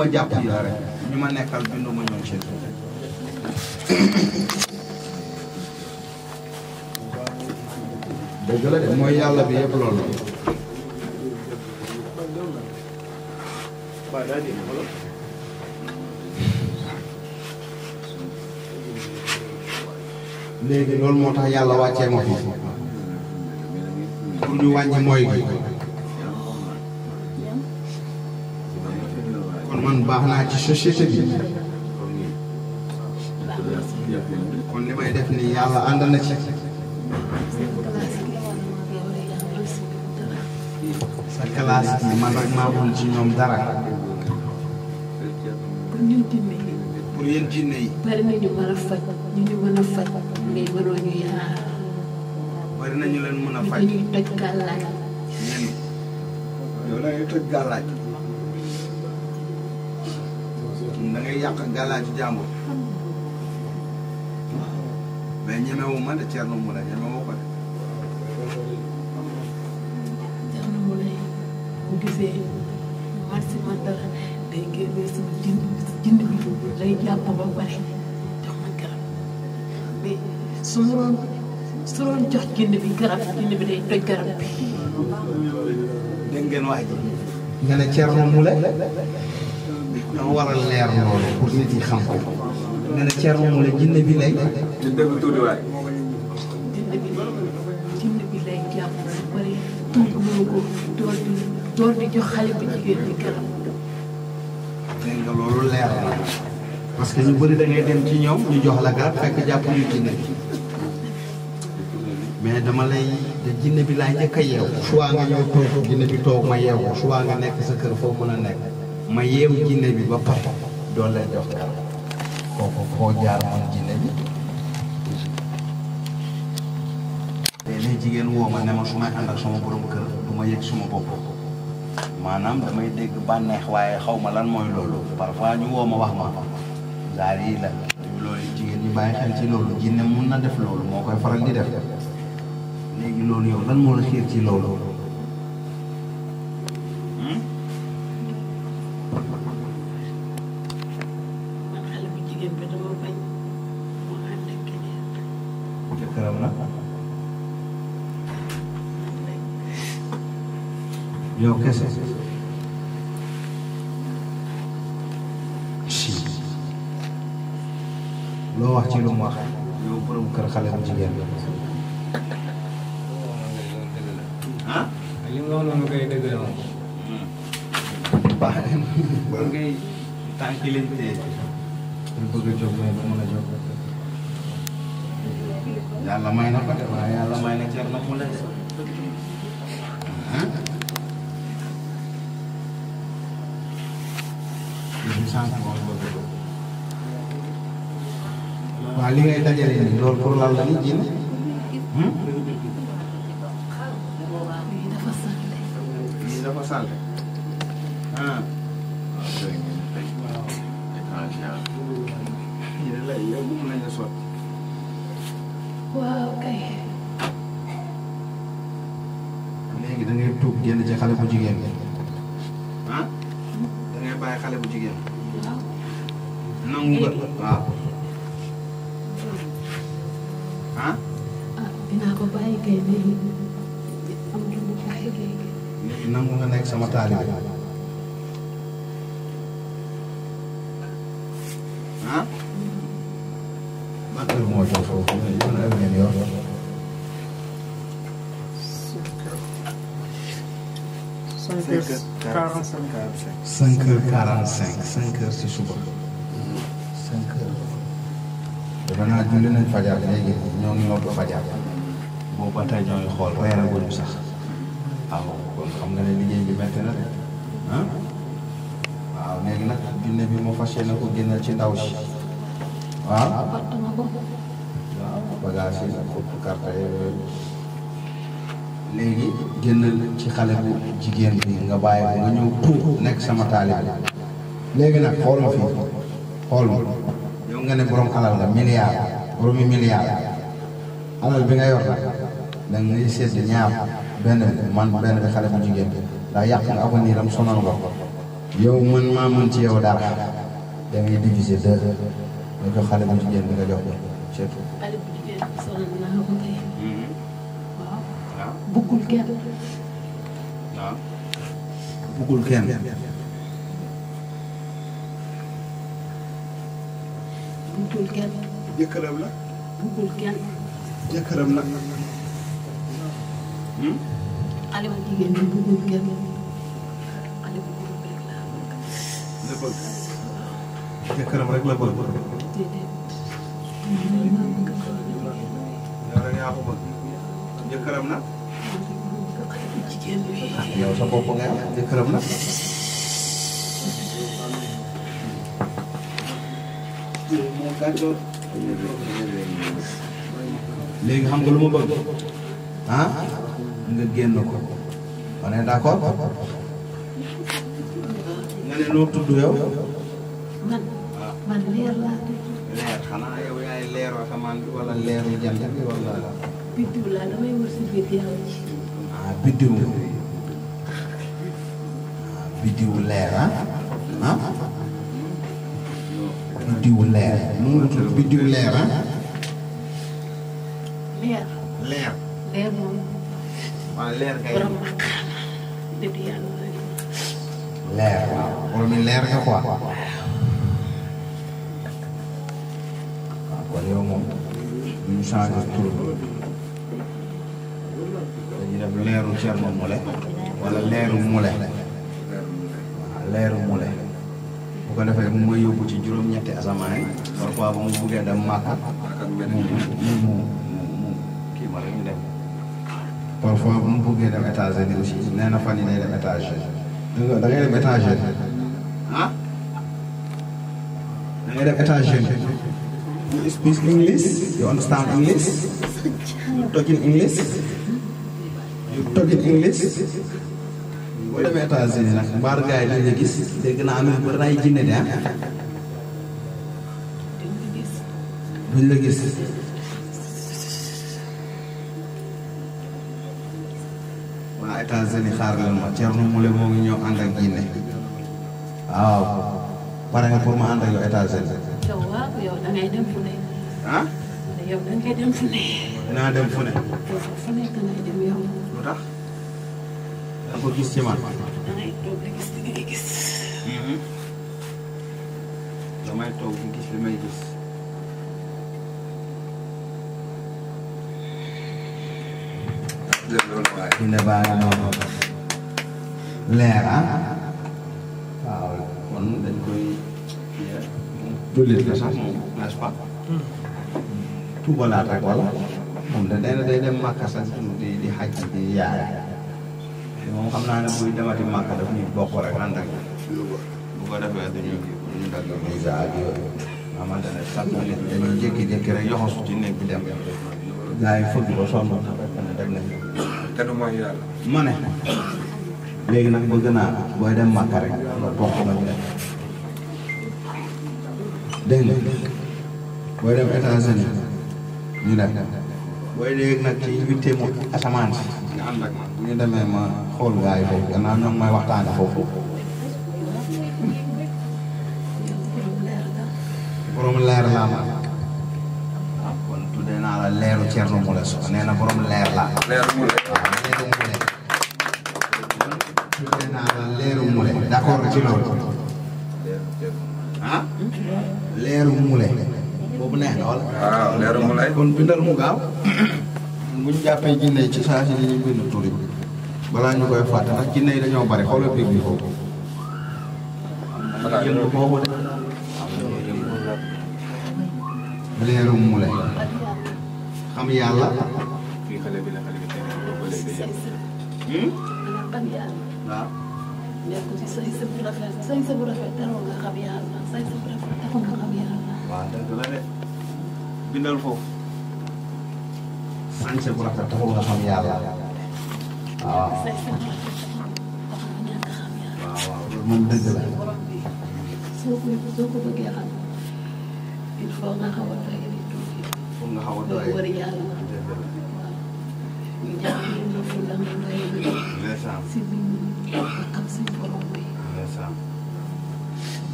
ma jàpp la rek ñu ma nekkal bindu ma ñëw ci dëgg la de mooy yàlla bi moo tax yàlla wàccee mooy bi man baax naa ci société bi kon li may def ni yàlla ànd na ci sa classe bi man rek maa wul ci ñoom dara pour yéen jinne yi bari nañu mën a faj ñu ñu mën a faj mais waroo ñu yaar bari nañu leen mën a faj yàq gàllaa ci jàmbur mais ñemewu ma de Thierno Moule ñemewu ko de. Thierno Moule bu gisee marché day génnee sama jënd jënd bi day jàpp ba pare jox ma garab mais su ma su doon jox jënd bi garab jënd bi day toj garab bi. dégg ngeen wax ji. nga ne Thierno Moule. ñoo war a leer loolu pour nit ñi xam ko. nee na Thierno ne jinne bi lay. jinne bi lay jinne bi lay jàpp ba pare tënk mënu ko door di door di jox xale bu jigéen bi garab. dégg nga loolu leer la parce que ñu bëri da dem ci ñoom ñu jox la garab fekk jàpp ñu jinne bi mais dama lay jinne bi laa njëkk a yeew. suwaa nga ñëw toog jinne bi toog ma yeew ko suwaa nga nekk sa kër foo mën nekk. ma yeew jinne bi ba pare doo lay jox garab kooku foo jaar moom jinne bi léeg-léeg jigéen woo ma ne ma su may ànd ak sama borom kër du ma yëg suma bopp maanaam damay dégg bànneex waaye xaw ma lan mooy loolu parfois ñu woo ma wax ma laar yi la loolu jigéen ñi bàyyi xel ci loolu jinne mun na def loolu moo koy faral di def léegi loolu yow lan moo la xiir ci loolu tànk yi leen téye. Eh. pour bëgg a jóg mais du mën a jóg. yàlla may na eh. ko de waaye yàlla may na Thierno Moule de. yéen taalibe ah man moo tax foofu yéen a ngeen yor cinq heures quarante cinq cinq heures quarante cinq cinq heures si xool sax xam nga ne liggéey bi metti na de ah waaw léegi nag jinne bi mu fas yéene ko génnal ci ndaw si waaw ah? waaw bagage yi nag xupp carte yooyu léegi génnal ci xale bu jigéen bi nga bàyyi ko nga ñëw tuut nekk sama taalibe léegi nag xool ma fii xool ma yow nga ne borom alal nga milliard boromi milliard alal bi nga yor nag da ngay ñaar benn bi man benn bi xale bu jigéen ndax yàq nga avenir am sonal nga yow man maa ci yow dara da ngay diviser deux nga jox xale bu jigéen bi nga jox ko surtout. xale mm-hmm. ah. buggul kenn. waaw. Ah. la. xale bu jigéen ñi bëggul kenn xale ko bëgg. jëkkëram nag. xale sa bopp nga wax jëkkëram nag. léegi xam nga lu ma bëgg ah. nga génn ko on est d'accord nga ne loo tudd yow man man leer laa leer xanaa yow yaay leeru asamaan bi wala leeru jant bi wala biddiw laa damay wër si biir yàlla ci ah biddiw ah biddiw leer ah ah biddiw leer mu ngi tudd biddiw leer ah leer ngay borom maqaama nitu leer waaw borom mi kon yow moom ñu changé tur bi dañuy def leeru Thierno Moule wala leeru Moule leeru Moule bu ko defee mu may yóbbu ci juróom-ñetti asamaan yi parfois bu mu buggee dem Màkka fois bu mu bëggee dem états-unis aussi nee na fan yi day dem états-unis danga da ngay dem états-unis ah da ngay dem états-unis you speak English you understand English you talk in English you talk in English boo demee états-unis nag mbaar gars yi dañuy gis dégg naa am na ay jinne de ah duñ la gis États-Unis xaar leen ma Thierno Moule moo ngi ñëw ànd ak Guinée waaw pare nga pour ma ànd ak yow États-Unis. yow waaw yow da ngay dem fu ne. ah. yow da ngay dem fu ne. naa dem fu ne. fu nekk ngay dem yow. lu tax. da ko gis ci man. da ngay toog di gis li ngay gis. Mhm. damay toog di gis li may gis. xasida baa ngi noonu leer ah waaw kon dañ koy ah, jullit la sax moom n'est-ce pas hmm. tubalaat rek wala moom da day day dem màkka sax di di xaj di yaay moom xam naa ne buy demati màkka daf ñuy bokk rek ànd ak bu ko defee duñu duñu dagg visa ak yooyu xamante ne sax nit dañuy jékki-jékki rek yoxosu ci néeg bi dem gars yi fëgg ba sonn te du mooy yàlla. ma nag bëgg naa booy dem Màkka rek nga bokk nga def dégg nga dem états booy léegi nag ci huitième asamaan si nga ànd ak man bu ñu demee ma xool gars yi foofu gannaaw ñoom may foofu borom leer laa ma Thierno Moule Sow nee na borom leer la leer Moule waaw leeru naa la leeru Moule d'accord ci loolu ah leeru Moule boobu neex na wala waaw ah, leeru Moule kon bindal mu gaaw buñ jàppee jinne ci saa si dañuy bind tur yi balaa ñu koy fàtte ndax jinne yi dañoo bari xoolal biir bi foofu leeru Moule xam yàlla. kii xale bi la xale bi tey boo ko léegi yem. waaw. nekkul ci say sa bu rafet say sa bu rafet teroo nga xam yàlla say sa bu rafet teroo nga xam yàlla. waaw dëgg la de bindal foofu. sañse bu rafet taxul nga xam yàlla. waaw. moom dëgg la. soo ko soo ko bëggee xam il faut nga xaw a nga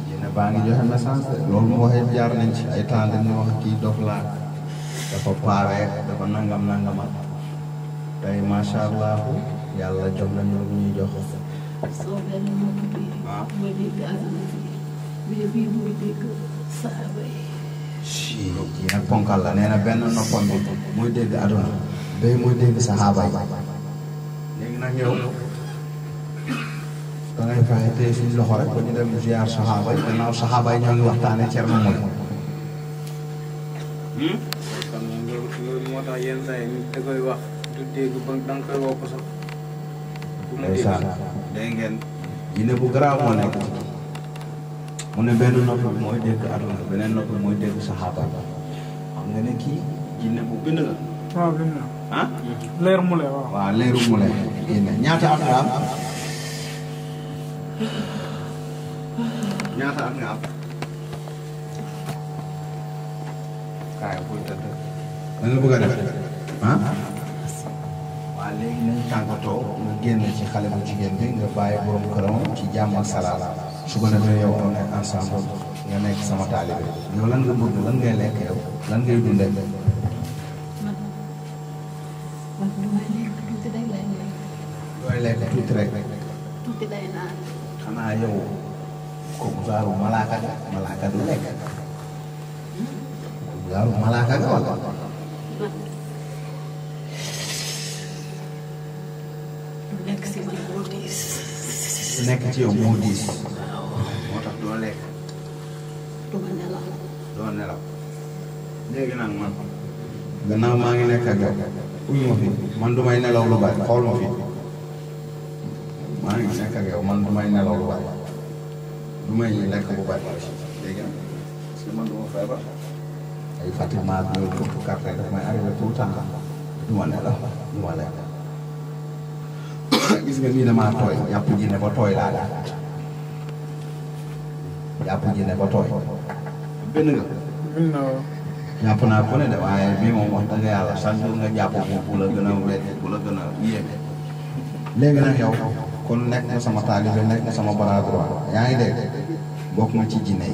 yàlla baa ngi joxe message loolu mu waxee jaar nañ ci ay temps wax kii dof laa dafa paawee dafa nangam nangama tey macha allah yàlla jox nañu lu muy dégg ci nag ponkal la nee na benn noppam bi muy dégg aduna bay muy dégg saxaaba yi léegi nag yow dangay fexe tey suñu loxo rek ba ñu dem ziar saxaaba yi gannaaw saxaaba ñoo ngi waxtaane Cerno mooy hmm? moom moo tax yenn saa yi da koy wax bu garaaw moo nekk. mu ne benn nopp mooy dégg àdduna beneen nopp bi mooy dégg saxaaba xam nga ne kii jinne bu bind la. waaw bind la ah. waaw. waaw leeru mu ah? nga génn ci xale bu jigéen bi nga bàyyi borom këram ci jàmm ak salaam. su ko defee yow nga nekk sama taalibe yow lan nga bëgg lan ngay lekk yow lan ngay dundee. looy lekk tuuti rek. tuuti day naan. xanaa yow kooku zaaru malaaka nga malaaka du lekk. zaaru malaaka nga wala. lekk si man moo diis. nekk ci yow moo diis moo tax doo lekk doo nelaw léegi nag man gannaaw maa ngi nekk ak yow uyu ma fi man du may nelaw lu bari xool ma fi maa ngi nekk ak yow man du may nelaw lu bari du may lekk bu bari léegi nag parce que man du ma feebar ay fàttali maa ngi topp carte daf may arrivé tout le temps du ma nelaw du ma lekk gis nga mii damaa tooy yàpp ji ne ba tooy naa ko de waaye yàlla chaque jour nekk na sama taalibe nekk na sama bras droit yaa ngi dégg bokk nga ci jinne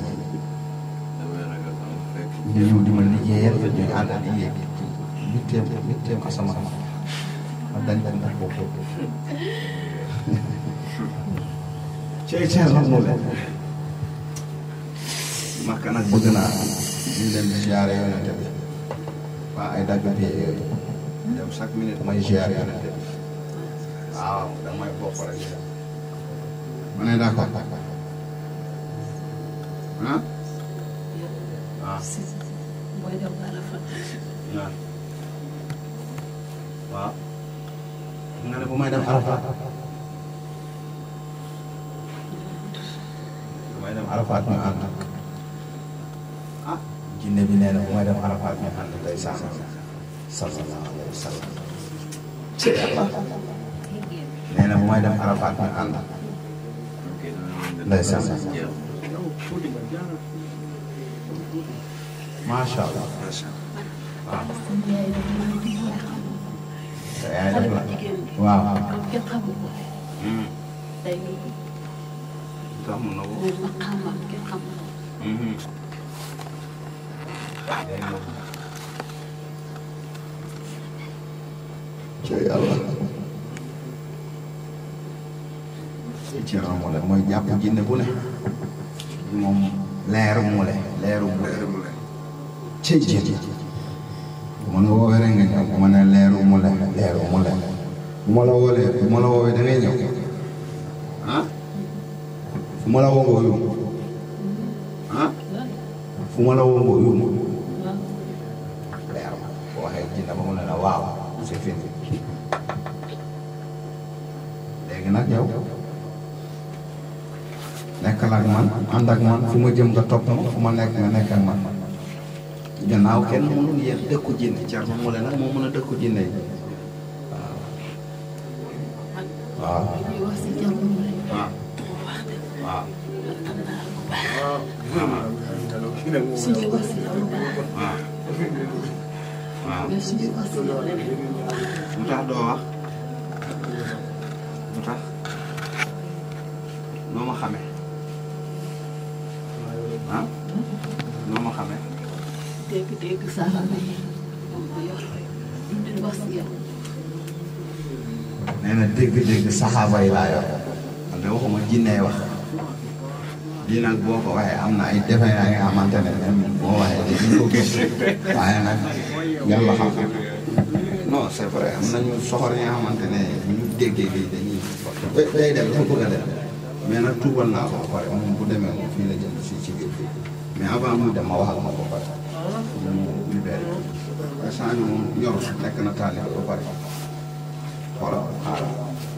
yi ñu liggéey bi teem ñu teem asamaan dandan da koko cey cey sax mu leen makka nag bëgg naa ñu dem ziare yonente bi waa ay dagg bi yooyu dem chaque minute may ziare yonente bi waaw damay bokk rek ma ne d'accord ah ah ne bu may dem Arafat bu may dem Arafat ñu ànd ak ah jinne bi nee na bu may dem Arafat ñu ànd day sànq sallallahu alayhi wa sallam ci yàlla nee na bu may dem Arafat ñu ànd day sànq macha allah waaw sa yaay def la waaw waaw. ci mule mooy jàpp jinne bu ne moom leeru mule leeru mule ci jin bu ma nga woowee rek nga ñëw bu ma ne leeru mu la leeru mu la bu ma la woolee bu ma la woowee da ngay ñëw ah fu ma la woo nga yóbbu ah fu ma la woo nga yóbbu leer ma boo waxee jinne ba mu ne la waaw c'est fini léegi nag yow nekkal ak man ànd ak man fu ma jëm nga topp ma fu ma nekk nga nekk ak man gannaaw kenn mënul yéex dëkku jinne Thierno Moule nag moo mën a dëkku jinne yi waaw. waaw. waaw. waaw. waaw. lu tax doo wax. saafaraay moom moo yor duñ wax si yow. saxaaba yi laa yor man waxuma jinne wax lii nag boo ko waxee am na ay jafe yaa ngi xamante ne boo waxee dañu ko gis waaye nag yàlla xam non c'est vrai am nañu soxor yi nga xamante ne ñu déggee lii dañuy day dem dafa bëgg dem mais nag tuubal naa ko ba pare moom bu demee moom fii la jëm si ci biir mais avant mu dem ma wax ak naa ñu moom ñorul na taali ba pare voilà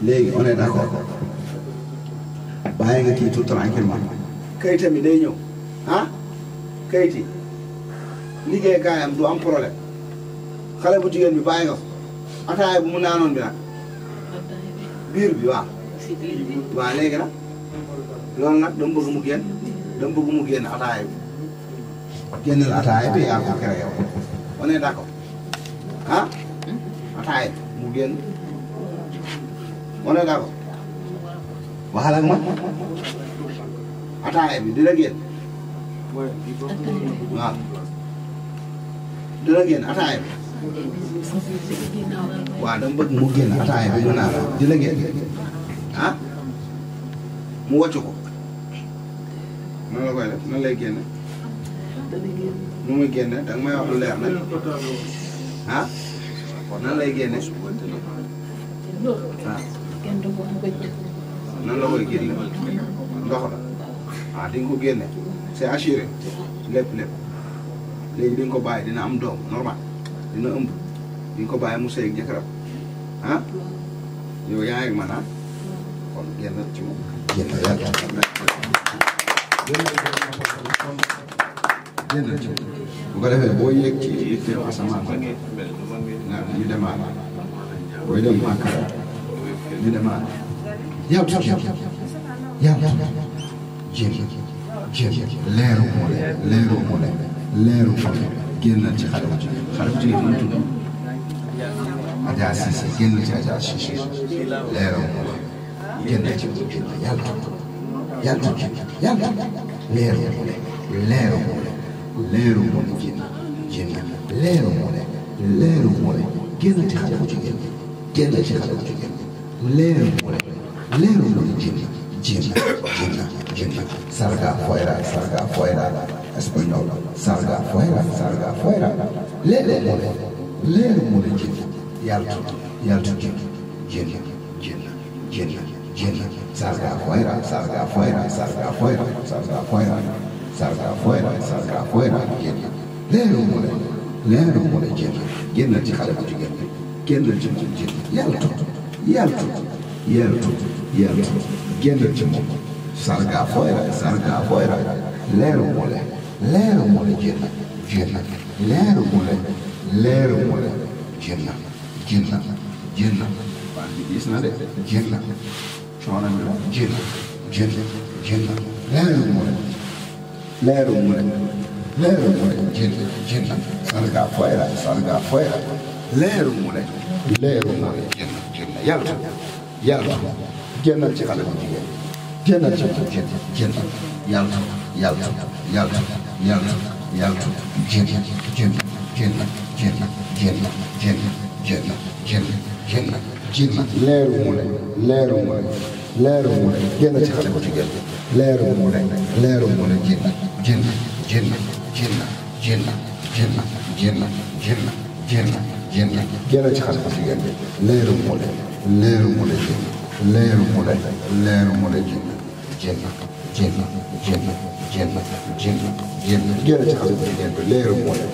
léegi on est d'accord bàyyi kii tout tranquillement kayitam yi day ñëw ah kayit yi liggéey gaayam du am problème xale bu jigéen bi bàyyi nga ko ataaya bu mu naanoon bi nag biir bi waaw waaw léegi nag loolu nag dama bëgg mu génn dama bëgg mu génn ataaya bi génnal ataaya bi yaa ko créé yow on est ah ataay mu génn moo ne d'accord waxal ak man ataay bi dina génn waaw dina génn ataay bi waaw dama mu génn ataay bi ñu naan dina génn ah mu wàcc ko nan la koy def nan lay génne nu muy génne danga may wax lu leer nag aa nan lay génne waaw nan la koy génne la ah di nga ko génne c'est assuré lépp lépp léegi di nga ko bàyyi dina am doom normal dina ëmb di nga ko bàyyi mu sëy ak jëkkëram ah yow yaa kon génn ci moom bu ko defee boo yéeg ci yitteeku asamaan nga ñu demaat booy dem Màkka ñu demaat yàlla yàlla jéem jéem leeru moole leeru moole leeru moole génnal ci xale bu jigéen xale bu jigéen mu tudd Adja Cissé génnal ci Adja Cissé leeru moole génnal ci yàlla yàlla yàlla leeru moole leeru moole leeru moo ne génn génn leeru moo ne leeru moo ne génn ci xale bu jigéen génn ci xale bu jigéen leeru moo ne leeru moo ne génn génn génn génn sarga fuera sarga fuera espagnol sarga fuera sarga fuera leeru moo ne leeru moo ne génn yàlla yàlla génn génn génn génn génn sarga fuera sarga fuera sarga fuera sarga fuera salga afuera, salga afuera, génn leer mu la leer mu la génn génnal ci xale bu jigéen bi génnal ci moom génn yaltu yaltu yaltu yaltu génnal ci moom salga afuera, salga afuera, leer mu la leer mu la génn génn leer mu la leer mu la génn génn génn waa bi gis na de génn coono bi la génn génn génn leer mu la leeru murid leeru murid jël jël sarga fooy la sarga fooy la leeru murid leeru murid jël jël yàlla yàlla génnal ci xale bu jigéen génnal ci xale bu jigéen jël yàlla yàlla yàlla yàlla yàlla jël jël jël jël jël jël jël jël jël leeru murid leeru murid leeru mu ne génn ci xale bu jigéen bi leeru mu ne leeru mu ne génn génn génn génn génn génn génn génn génn génn génn ci xale bu jigéen bi leeru mu ne leeru mu ne génn leeru mu ne leeru mu ne génn génn génn génn génn génn génn génn ci xale bu jigéen bi leeru mu ne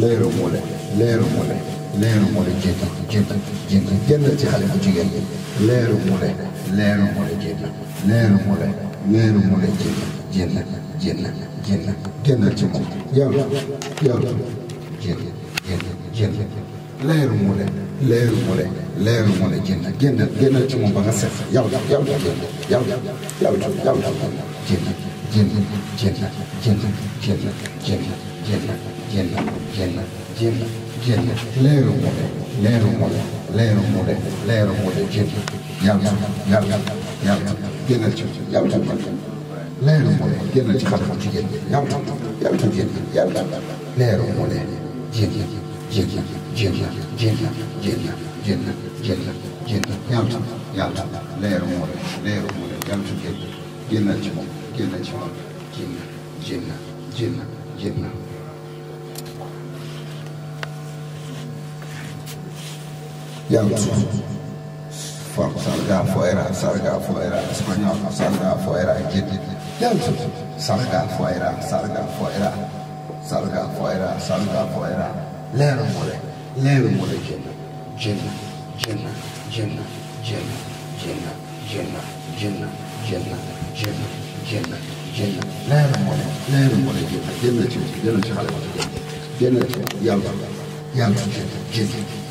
leeru mu ne leeru mu ne leeru moo la jénn jénn jénn génn ci xale bu jigéen bi leeru mu le leeru mu le jénn leeru mu le leeru mu le jénn jénn jénn jénn génn ci moom yàlla yàlla jénn jénn jénn leeru mu le leeru mu le leeru mu le jénn génn génn ci moom ba nga set yàlla yàlla jénn yàlla yàlla yàlla jénn jénn jénn jénn jénn jénn jénn jénn jénn jénn jéem leeru mu de leeru mu de leeru mu de leeru mu de jéem yàlla yàlla yàlla génnal ci yàlla tam leeru mu de génnal ci xarala jigéen yàlla tam yàlla tam jéem yàlla leeru mu de jéem jéem jéem jéem jéem jéem jéem jéem yàlla tam yàlla tam leeru mu de leeru mu de yàlla tam génnal ci moom génnal ci moom jéem jéem jéem jéem jawtu fam sarga foyra sarga foyra espagnol sarga foyra jeddi jawtu sarga foyra sarga foyra sarga foyra sarga foyra leero mole leero mole jenna jenna jenna jenna jenna jenna jenna jenna jenna jenna jenna jenna leero mole leero mole jenna jenna ci jenna ci xale jenna ci yàlla yàlla jenna jenna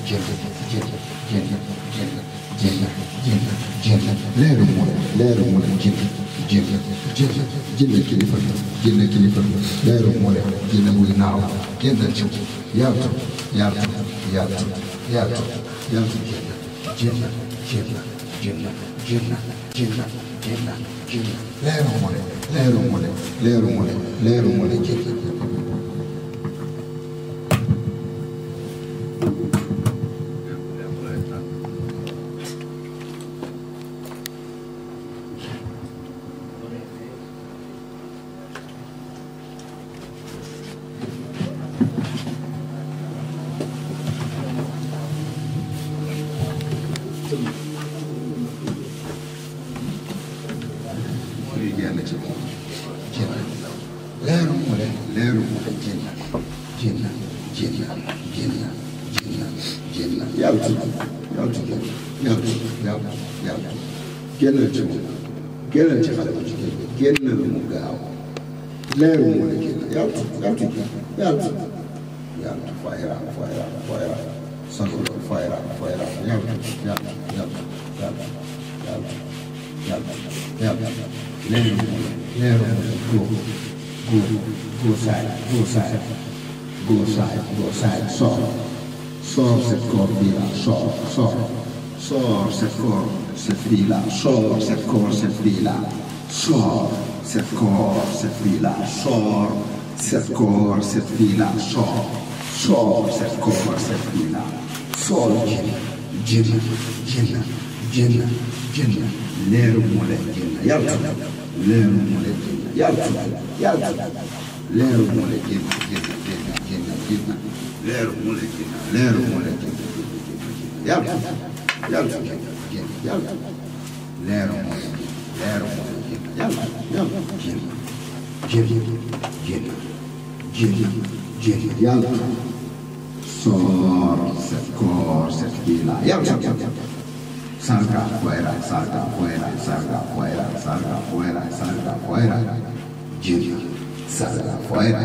leeru mu ne leeru mu ne jënd jënd jënd jënd kilifa jënd kilifa leeru mu ne jënd buy naaw jënd ci yaatu yaatu yaatu yaatu yaatu jënd jënd jënd jënd jënd jënd jënd leeru mu ne leeru mu ne leeru mu ne leeru mu ne jënd cette corde, cette fille-là, sors cette corde, cette fille-là, sors cette corde, cette fille-là, sors cette corde, cette fille-là, sors, sors cette corde, cette fille-là, sors jën jën jën jën leeru moo leen jën yàlla leeru moo leen jën yàlla yàlla leeru moo leen jën jën jën jën leeru moo leen jën leeru moo leen jën yàlla yàlla yàlla génn yàlla leeru mooy leeru mooy génn yàlla yàlla génn génn génn génn génn yàlla soor set koor set kiila yàlla salga fuera salga fuera salga fuera salga fuera salga fuera génn salga fuera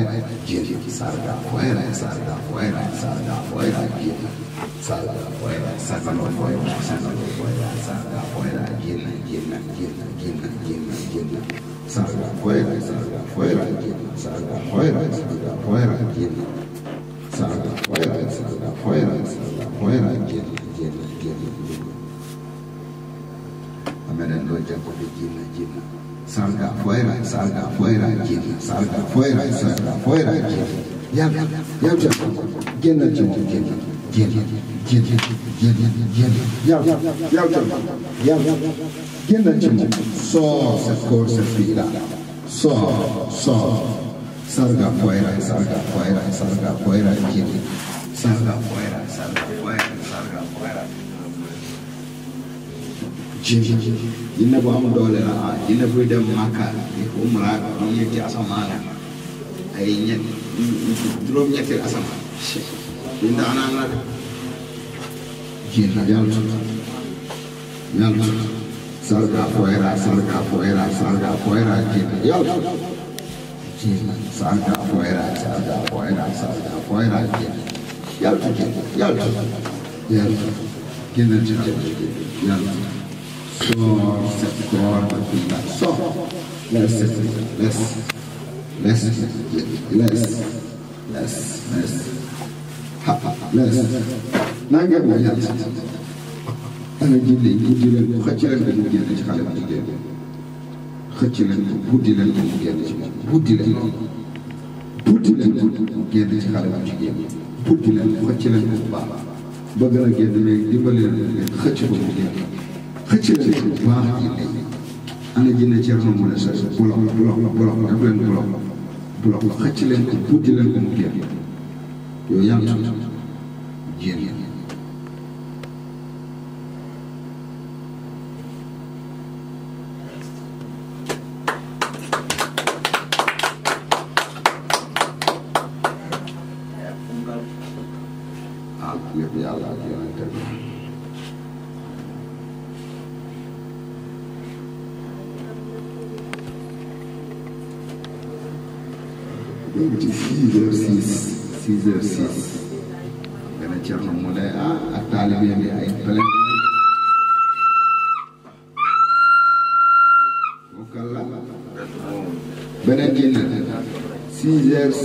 génn salga fuera salga fuera salga fuera génn Salga afuera, sácalo afuera, sácalo afuera, salga afuera, llena, llena, llena, llena, llena, llena. Salga afuera, salga afuera, llena, salga afuera, salga afuera, llena. Salga afuera, salga afuera, salga afuera, llena, llena, llena, llena. Amerendo japo de llena, llena. Salga afuera, salga afuera, llena, salga afuera, salga afuera, llena. Ya, ya, ya, ya, llena, llena, llena. jën jën jën jën yow yow yow génnal ci moom soor sa kóor sa fiira soor soor sarga koyra sarga koyra sarga koyra jën sarga koyra sarga koyra sarga koyra jën jinne bu am doole la ah jinne buy dem Makka di umra di yëg ci asamaan ay ñett juróom-ñetti asamaan di ndaanaan la jiital yàlla yàlla sarga foyra sarga foyra sarga foyra jiital yàlla jiital sarga foyra sarga foyra sarga foyra jiital yàlla yàlla yàlla génnal ci yàlla soo set koor ak billa so les les les les les les les naa ngeen ma yàlla dana jëlee guddi leen ko xëcc leen ko mu génn ci xale bu jigéen xëcc leen ko buddi leen ko mu génn ci moom buddi leen ko buddi ci xale bu jigéen buddi leen ko xëcc leen ko bu baax bëgg leen ko xëcc mu génn xëcc leen ko bu baax ji ana jinne leen bulok bulok xëcc leen ko buddi leen ko mu génn yaatu jéem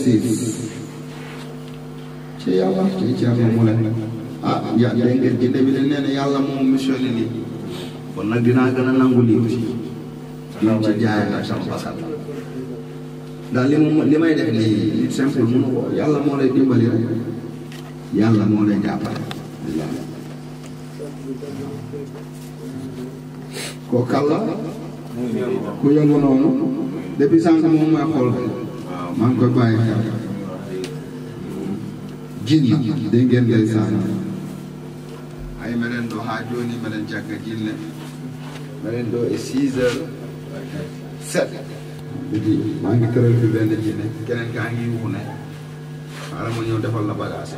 six ci yàlla ci Thierno Moule ah ya dégg ngeen moom mission ni lii kon nag dinaa gën a nangu lii aussi liñ ci jaay ak sama daal li mu li may def nii nit simple yàlla moo lay dimbali rek yàlla moo lay jàppale ko kàlla ku yëngu noonu depuis sànq moom mooy xool maa ngi koy bàyyi xel jinna dégg ngeen ndeysaan ay meɗen ɗo haa jooni meɗen jagga jinne meɗen ɗo e six heures sept ɗiɗi maa ngi tëral fi benn jinne keneen kaa ngi yuune xaaral ma ñëw defal la bagage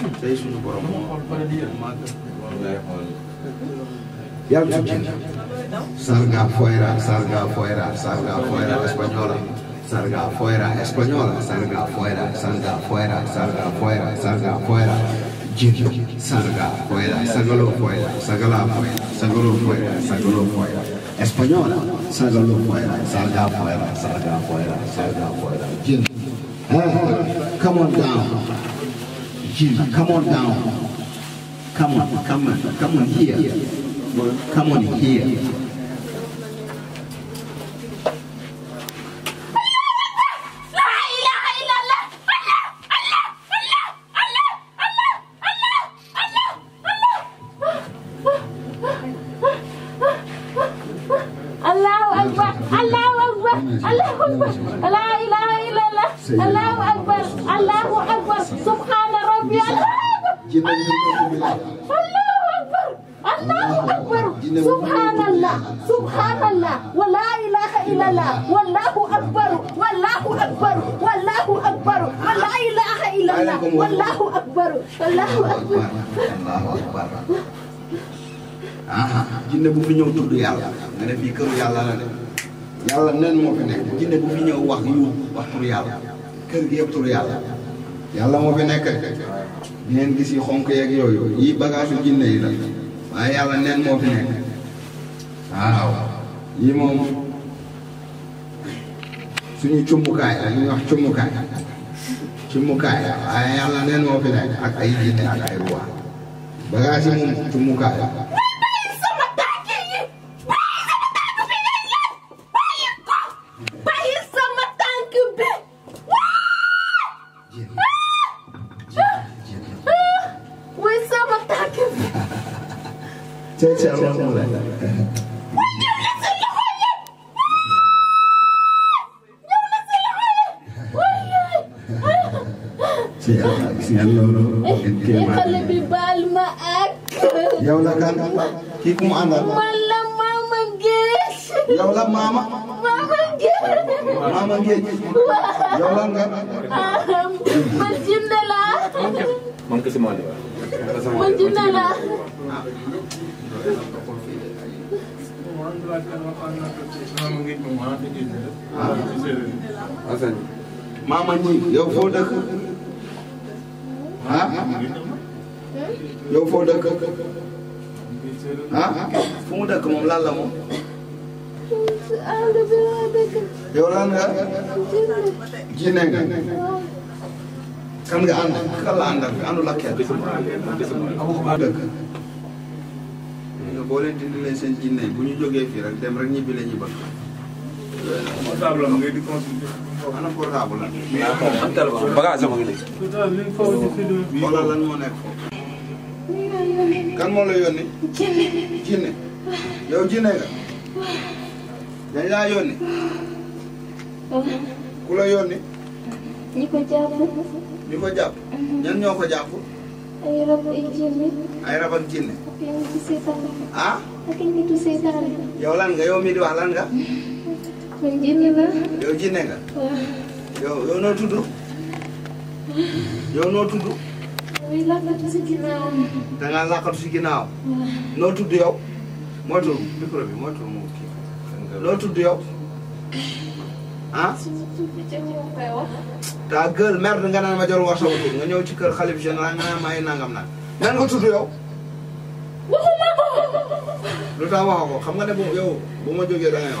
yow tey suñu borom moo màgg yàlla jinne Salga fuera, salga fuera, salga fuera española. Salga fuera española, salga fuera, salga fuera, salga fuera, salga fuera. Salga fuera, sácalo fuera, sácala fuera, sácalo fuera, sácalo fuera. Española, sácalo fuera, salga fuera, salga fuera, salga fuera. Hey, come on down. Come on down. Come on, come on, come on here. Come on here. akbar subhanallah subhanallah wala ilaha illallah wallahu akbar wallahu akbar wallahu akbar wala ilaha jinne bu fi ñëw tudd yàlla nga ne fii këru yàlla la de yàlla nen moo fi nekk jinne bu fi ñëw wax yu wax yàlla kër gi yëpp tur yàlla yàlla moo fi nekk di gis yi xonk yeeg yooyu yi bagage jinne yi la waaye yàlla neen moo fi nekk waaw yi moom suñu cumbukaay la ñuy wax cumbukaay cumbukaay la waaye yàlla neen moo fi nekk ak ay jinne ak ay ruwa bagage yi moom cumbukaay la kii eh, eh, xale bi baal ma ak. yow la kan kii ku mu àndal. man la Mama Gueye. yow la Mama. Mama Gueye. Mama Gueye. waaw yow la nga. Ah, man jinne laa. man kese moo nekk. man jinne laa. Mama ñi yow foo dëkk. ah yow foo dëkk ah fu mu dëkk moom lan la moom. yow lan nga. jinne nga. kan nga ànd kan la àndal àndul ak kenn. dëkk. boo leen dindi leen seen jinne bu ñu jógee fii rek dem rek ñibbi la ñuy portable am ngay di consulter. ana portable la. am a ngi nii. xoolal lan moo nekk foofu. kan moo la yónni. jinne yow jinne nga. dañ laa yónni. ku la yónni. ñi ko jàpp. ñan ñoo ko jàpp. ay rabu jinne. ay rab ah? lan nga yow mii di wax lan nga. man génn naa. yow génne nga. waaw. yow yow noo tudd. yow noo tudd. damay làqatu si ginnaaw. da ngaa làqatu si ginnaaw. noo tudd yow. moytu micro bi moytu mu kii. noo tudd yow. ah. ma jarul wax sama tur nga ñëw ci kër xalif général nga naan maay nangam naan. nan nga tudd yow. waxuma ko. lu tax waxoo ko ma jógee da ngay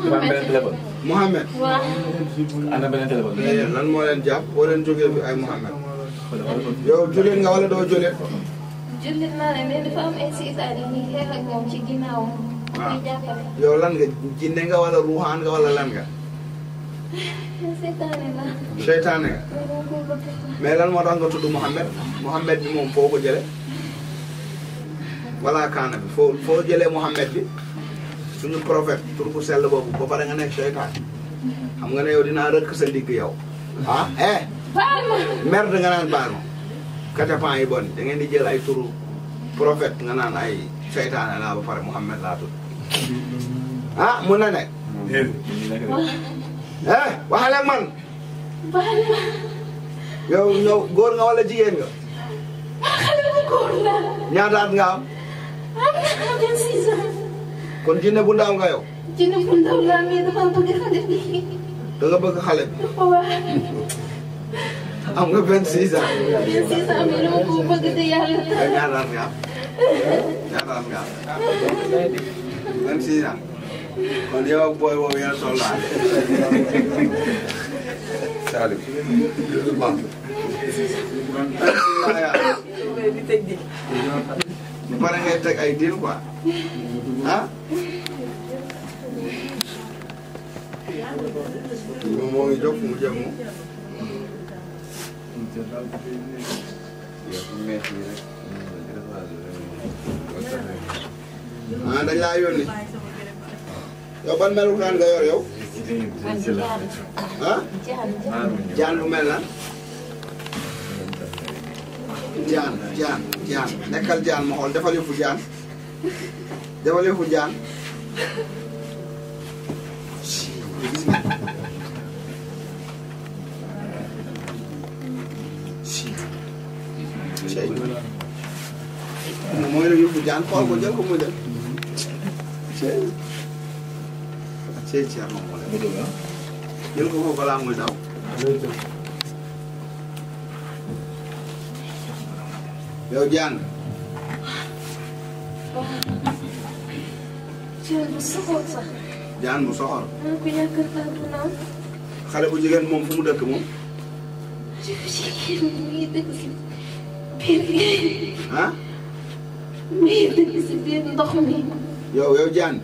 dafa am eh, lan moo leen jàpp boo leen jógee bi ay Mouhamed. yow jullit nga wala doo jullit. jullit ah. yow lan nga jinne nga wala ruuxaan nga wala lan nga. seytaane la. seytaane nga. mais lan moo tax nga tudd Mouhamed. Mouhamed bi moom foo ko jëlee. wala kaana bi foo foo jëlee bi. suñu prophète tur bu sell boobu ba pare nga nekk seytaan xam nga ne yow dinaa rëkk sa ndigg yow ah eh mer nga naan baal ma kacapan yi bon da ngeen di jël ay turu prophète nga naan ay seytaane laa ba pare Muhammad laa tudd ah mun na nekk eh waxal ak man yow góor nga wala jigéen nga xale bu góor la kon jinne bu ndaw nga yow. jinne bu ndaw laa mais dama bëgg xale bi. da nga bëgg xale bi. waaw. am nga 26 ans. 26 ans mais dama ko bëgg te yàlla. Eh, ñaata at nga am. ñaata at nga am. 26 ans. kon yow ak booy boobu yéen soldat. Saliou. bon. bu pare ngeen teg ay diil quoi ah. moom moo ngi jóg mu jëm moom. ah dañ laa yónni. yow ban melukaan nga yor yow. ah. jaan mel na. jaan jaan jaan nekkal jaan ma xool defal yëfu jaan defal yëfu jaan mooy def yëfu jaan xool ko jël ko mu dem cey ceer ma xool jël ko ko balaa muy daw ah, yow jàng. jaan bu soxor sax. jaan bu soxor. xale bu jigéen moom fu mu dëkk moom. xale bu jigéen mu ngi dëkk si biir géej. ah. mu ndox mi. yow yow jaan.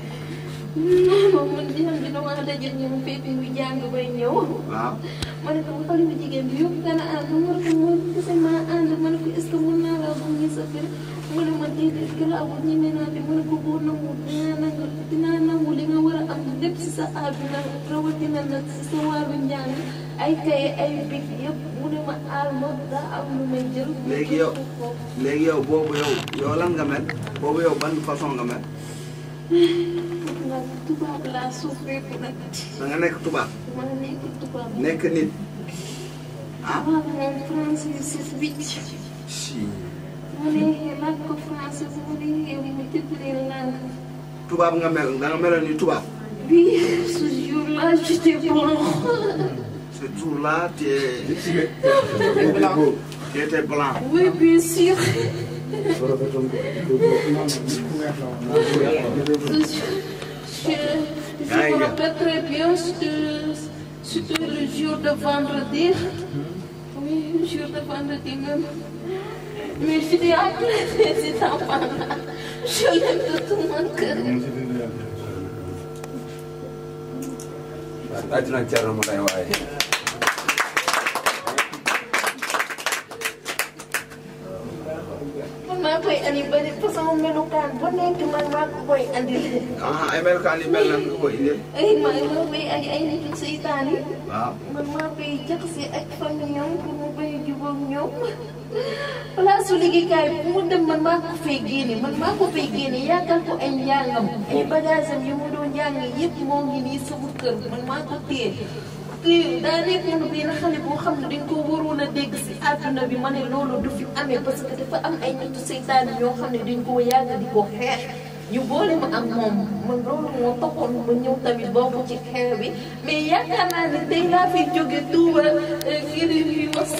moom man jigéen bi damaa daje ñoom pépé bi jàng bay ñëw. waaw ma ko bu xale bu jigéen bi yóbbu dana ànd ma ne ko moom kese maa ànd ma ne ko est ce naa laa bëgg ñu sa kër mu ne ma ma ne ko boo a am lépp si sa àdduna rawatina nag am lu may jël. léegi yow léegi yow boobu yow yow nga mel boobu yow ban façon nga mel. man tubaab laa souffrir nag. da nga nekk tubaab. ma nekk tubaab. nit. ah waaw man si si. si. mu neexee laaj ko français bu mu neexee mu tubaab nga mel da mel meloon ni tubaab. bii ce jour là j'étais blanc. ce jour là t'es. t'étais blanc. oui bien sûr. Je, je me rappelle très bien, c'était le jour de vendredi. Oui, le jour de vendredi même. Mais j'étais après ces enfants-là. Je l'aime de tout mon cœur. Ajna Charamudai Wai. maa koy andi bëri façon melukaan bu man maa ko koy andi. Ah, ay melukaan yu ay maa koy andi ay nit yu seytaane. man maa koy jaxase ak famille ñoom pour mu bañ a ñoom. place su liggéeykaay bu mu dem man maa ko fay génne man maa ko fay génne yàggal ko ay njàngam. ay bagages am yu mu doon njàng yëpp moo ngi nii sama kër man maa ko téye. kii daa nekkoon benn xale boo xam ne dañ ko waroon a dégg si àdduna bi ma ne loolu du fi amee parce que dafa am ay nitu seytaan ñoo xam ne dañ koo yàgg di ko xeex ñu boole ma ak moom man loolu moo toppoon ma ñëw tamit bokk ci xeex bi mais yaakaar naa ne tey laa fi jóge tuuba ngir ñuy wax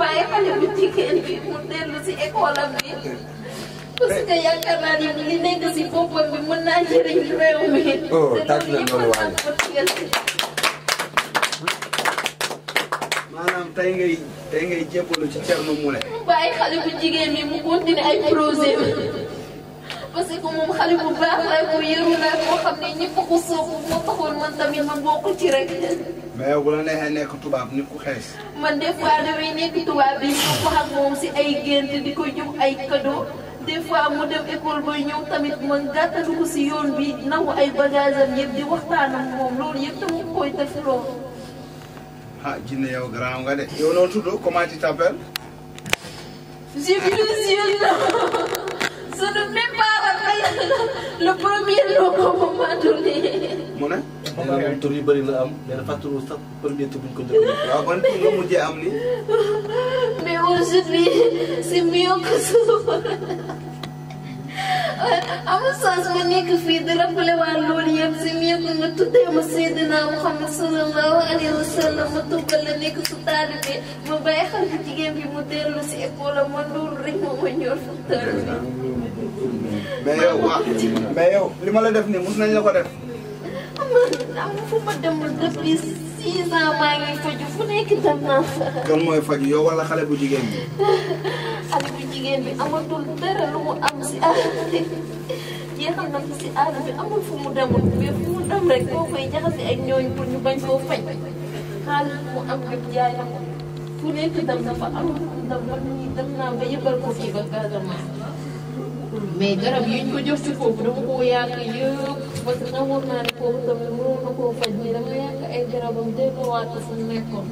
waaye xale bu jigéen bi mu dellu si école bi. parce que yaakaar ngay tey ci jigéen moom xale bu baax laa ko yëru laa xam ne ñëpp ko soog moo taxoon man tamit man bokk ci rek. mais bu nekk tubaab nit ku xees. man des fois damay nekk tubaab bi ñu ko wax moom si ay gént di ko jox ay cadeau. des fois mu dem école mooy ñëw tamit ma gàttalu ko yoon bi nangu ay bagage yëpp di waxtaan moom loolu yëpp dama koy def loolu. ah jinne yow grand nga de. yow noo comment tu t'appelles. j'ai vu les yeux là. ce n'est même pas le premier nom qu'on m'a donné. mu ne. nee tur yu bëri la am nee na fàttaliwul sax premier tur bu ñu ko njëkk a waaw ban tur nga mujjee am ni mais aujourd'hui c'est mieux que souvent amul sens ma nekk fii di rappelé waa loolu yëpp c'est mieux que nga tuddee ma Seydina Mouhamed sallallahu alayhi wa sallam ma tukkal la nekk su taalibe ma bàyyi xale bu jigéen bi mu dellu si école ma loolu rek moo ma ñor fu taalibe mais yow waaw mais yow li ma la def nii mos nañ la ko def man fu ma demul dem naa fa. kan mooy faju yow wala xale bu jigéen bi. xale bu jigéen bi amatul dara lu mu am si àll bi jeexal na ko si àll bi amul fu mu demul mais fu mu dem rek boo koy jaxase ak ñooñu pour ñu bañ koo faj xaalis mu am rek fu nekk dem na fa amul fu mu dem ba dem naa ba yëbal ko fii ba Casamance. mais garab yi ñu ko jox ci foofu dama koo yàq yëpp parce que xamoon naa ne foofu tamit mënoon na koo faj mais dama yàq ay garabam delluwaat ko fu mu nekkoon.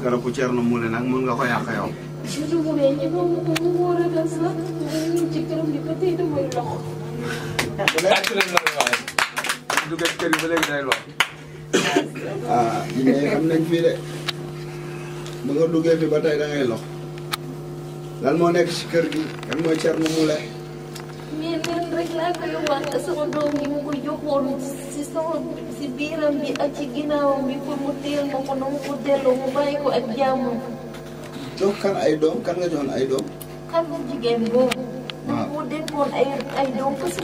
nag mën nga ko yàq yow. Thierno Moule ñemewu mu wóor a des ba tey damay lox. laajte yi ba léegi day fii de bu nga duggee fi ba tey da lox. lan moo nekk ci kër gi kan mooy Thierno Moule. rek laa koy wax sama doom bi mu ko joxoon si sama si biiram bi ak ci ginnaawam bi pour mu teel ma ko na mu ko delloo mu bàyyi ko ak jàmm. jox kan ay doom kan nga joxoon ay doom. kan bu jigéen ah. doom parce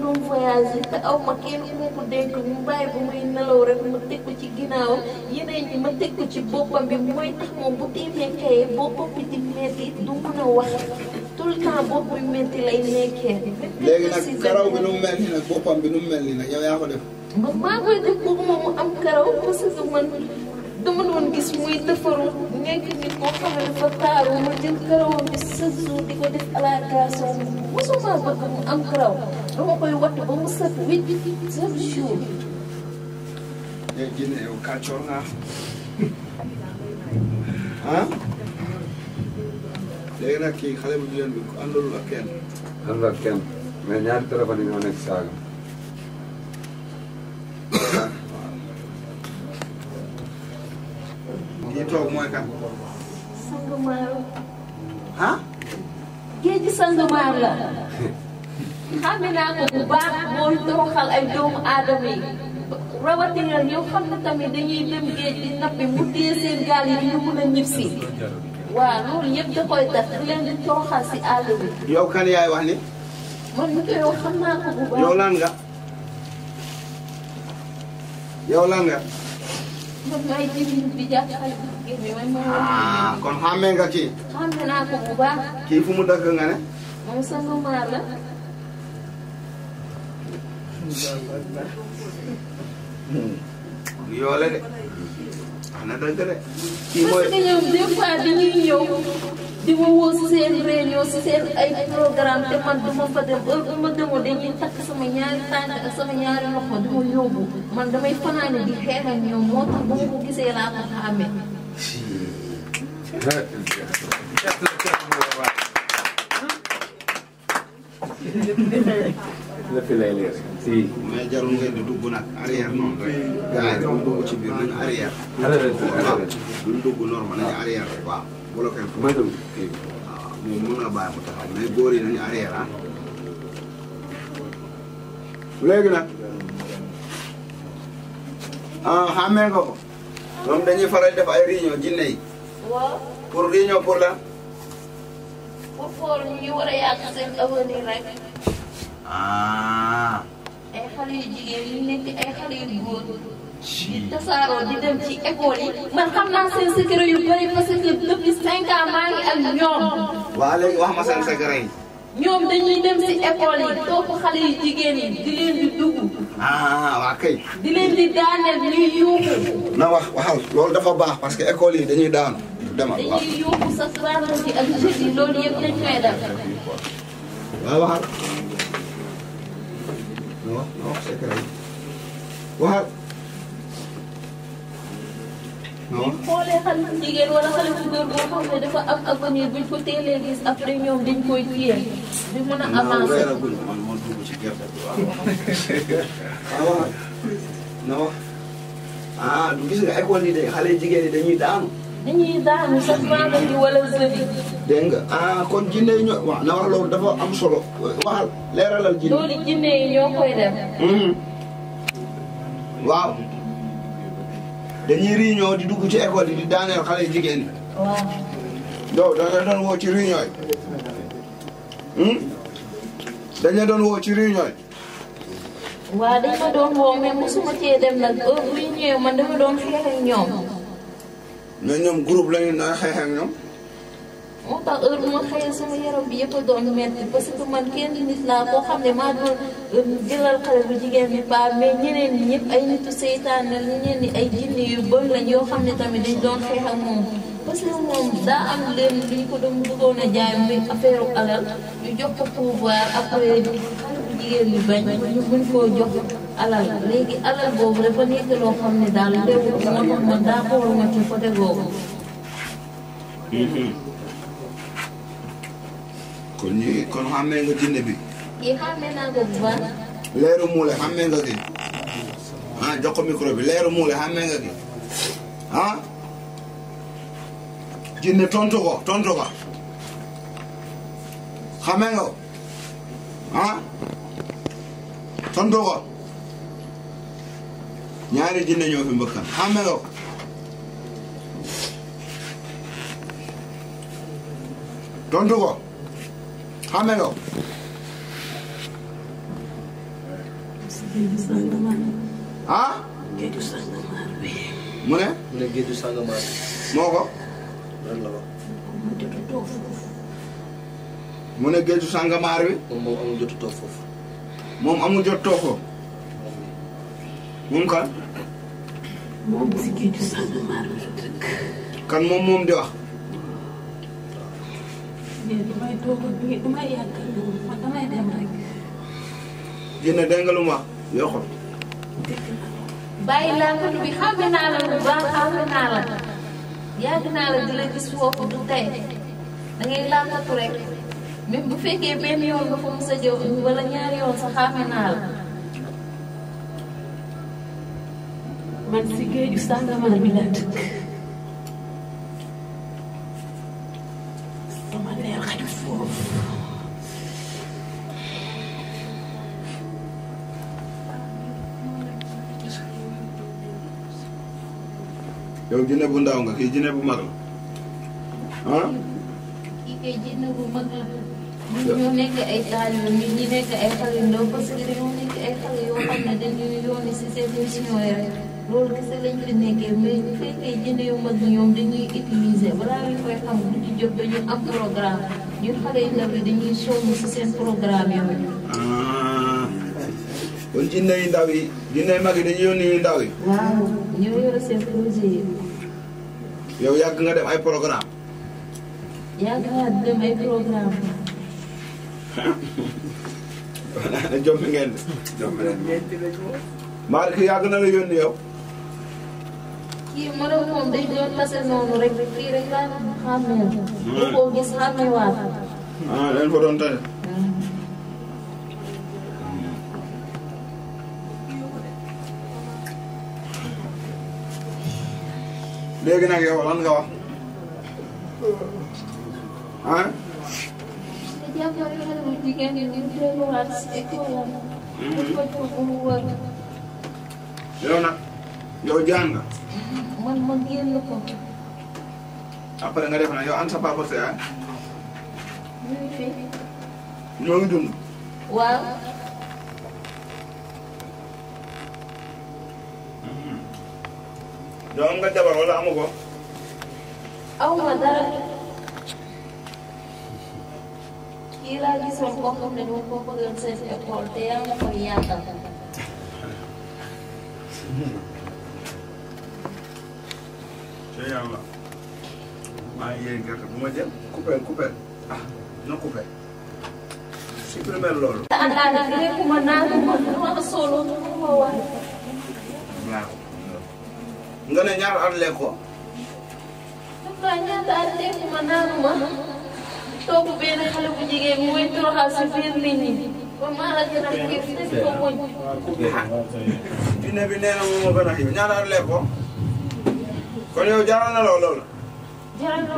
doon voyagé te aw ma kenn ku ko dénk mu bàyyi ba muy nelaw rek ma teg ko ci ginnaawam yeneen ñi ma teg ko ci boppam bi mooy tax moom bu tiimee kay boppam bi di metti a wax. tout le temps bopp léegi nag karaw bi nu mu mel nii nag boppam yaa ko def. maa koy def moom am karaw parce que man dama gis muy defaru nekk nit koo xam dafa taaru ma jël karawam bi chaque jour di ko def à la création mosuma bëgg mu am karaw dama koy watt ba mu set huit chaque jour. yow jënd yow kàccoor nga ah. léegi nag kii xale bu jigéen bi àndalul ak kenn. àndul ak kenn mais ñaari téléphone yi ñoo nekk saagam. kii toog gi sang maaru la. xàmme naa ko bu baax bool toroxal ay doomu aadama yi. rawatina yow xam na tamit dañuy dem géej di nappi waaw loolu yëpp da koy def di leen di tooxal si àll bi. yow kan yaay wax ni. man ñu koy wax xam naa ko bu baax. lan nga. yow lan nga. man maay jëriñ bi jàppale jigéen ñi man maa ah, kon xàmmee nga kii. naa ko bu baax. fu mu dëkk nga ne. moom Sango Maar la. Hmm. yoole de. na dëgg de. kii mooy parce que ñoom des fois dañuy ñëw di ma woo si seen réunion si seen ay programme te man du ma fa dem heure bu ma demoo dañuy takk sama ñaari tànk ak sama ñaari loxo du ma yóbbu man damay fanaane di xeex ak ñoom moo tax ba ma ko gisee laa ko xàmmee. la fi lay leer. mais jarul ngeen di dugg nag arrière noonu rek. gars yi dañu dugg ci biir nañu arrière. duñ dugg normal nañu arrière rek waaw. bloqué ko na bàyyi mu taxaw mais góor yi nañu arrière ah. léegi nag. ah xàmmee nga ko. ñoom dañuy faral def ay réunion jinne yi. waaw. pour réunion pour la. pour ay xale yu jigéen nekk ay xale yu góor di tasaaroo di dem ci école man xam naa seen yu bëri parce que wax ma seen secret yi. ñoom dañuy dem si école yi xale yu jigéen di leen di dugg. Ah, ah waa kay. di leen di daaneel ñuy yuuxu. na wax waxal loolu dafa baax parce que école yi dañuy daanu. demal dañuy yuuxu sax baaxul ci ak jeunes yi loolu yëpp dañ koy def. waaw waxal. wax na wax secret yi waxal. moom xoolee xale bu jigéen wala xale bu góor boo xam ne dafa am avenir buñ ko teelee gis après ñoom dañ koy kiyee. di na wax ah du gis nga école yi de xale jigéen yi dañuy daanu. dañuy nga ah, kon jinne yi ñoo na wax loolu dafa am solo. waxal leeralal jinne. loolu jinne yi ñoo koy def. Hmm. waaw. dañuy réunion di dugg ci école yi di daaneel xale jigéen ñi. waaw. yow doon woo ci réunion yi. Hmm? dañ la doon woo ci réunion yi. dañ ma doon woo mais mosuma cee dem nag heure bu man dama doon xeex ak mais ñoom groupe lañu nooy xeex ak ñoom. moo tax heure bu ma sama yaram bi yëpp doon metti parce que man kenn nit laa koo xam ne maa doon euh, jëlal xale bu jigéen bi paa mais ñeneen ñi ñëpp ay nitu la ñeneen ñi ay jinne yu bon lañ yoo xam ne tamit dañ doon xeex ak moom. parce moom daa am leen lu ñu ko doon bëggoon a jaay muy affaire alal ñu jox ko pouvoir après. jigéen yu bañ ñu buñ koo jox alal léegi alal boobu dafa nekk loo xam ne daal déw moo tax man daa xoolu ma ci côté boobu kon ñu kon xàmmee nga jinne bi kii xàmmee naa ko bu leeru muule xàmmee ah, xàmmee nga kii ah jinne tontu ko tontu ko xàmmee nga ko ah? tontu ko ñaari jinne ñoo fi mbëkkan xàmme nga tontu ko xàmme nga ah? mu ne mu ne géeju Sangomar moo mu ne géeju Sangomar bi foofu moom amul jot toog moom kan. moom moom moom di wax. mais damay toog bi damay yàggal ma damay dem rek. jënd dégg nga yoo xam. bàyyi laakatu bi xam naa la bu baax xam naa la yàgg naa la di la gis foofu du tey da ngay rek. même bu fekkee benn yoon nga fa mos wala ñaari yoon sa xaame naa man si géeju Sangomar bi laa dëkk. sama leer xaju foofu. yow jinne bu ndaw nga kii jinne bu ah. kii kay jinne bu ñu nekk ay nekk ay xale yu ndaw parce que dañoo nekk ay xale yoo xam ne dañuy yoon si seen mission yi rek loolu kese lañ fi nekkee mais bu yu mag ñoom dañuy utiliser balaa ñu koy xam du jot dañu am programme ñu xale yu ndaw yi dañuy sonn si seen programme yooyu. Ah. kon jinne yu ndaw yu mag yi dañuy yu ndaw yi. waaw ñoo yor nga dem ay programme yàgg nga dem ay programme ah jom ngeen de. jom ngeen Malick yàgg na la ma ne moom dañ doon tase noonu rek rek laa xàmmee bu hmm. ko gis xàmmee waat. ah dañ ko doon tase. Hmm. léegi nag yow lan nga wax ah? yaakaar naa ne bu jigéen ñi ñu delluwaat si ko. après nga def na yow an sa papa sa ah? yaay. ñu ngi fi. ñoo nga jabar wala amu ko. aw kii laa gisoon koo xam ne moom koo bëggoon seen école te yaa ngi koy yaatal. te yàlla maa ngi yéen gerte bu ma jël coupé coupé ah na coupé supprimer loolu. te ànd ànd ak ah, lépp ah, ah, ma naan ma ma solo ma war. waaw. nga ne ñaar ànd lekk ko. ñaata ma. toog benn xale bu jigéen mu ngi toroxal bi ne moom moo gën a xiif ñaanal lekk ko kon yow loo loolu. jaral na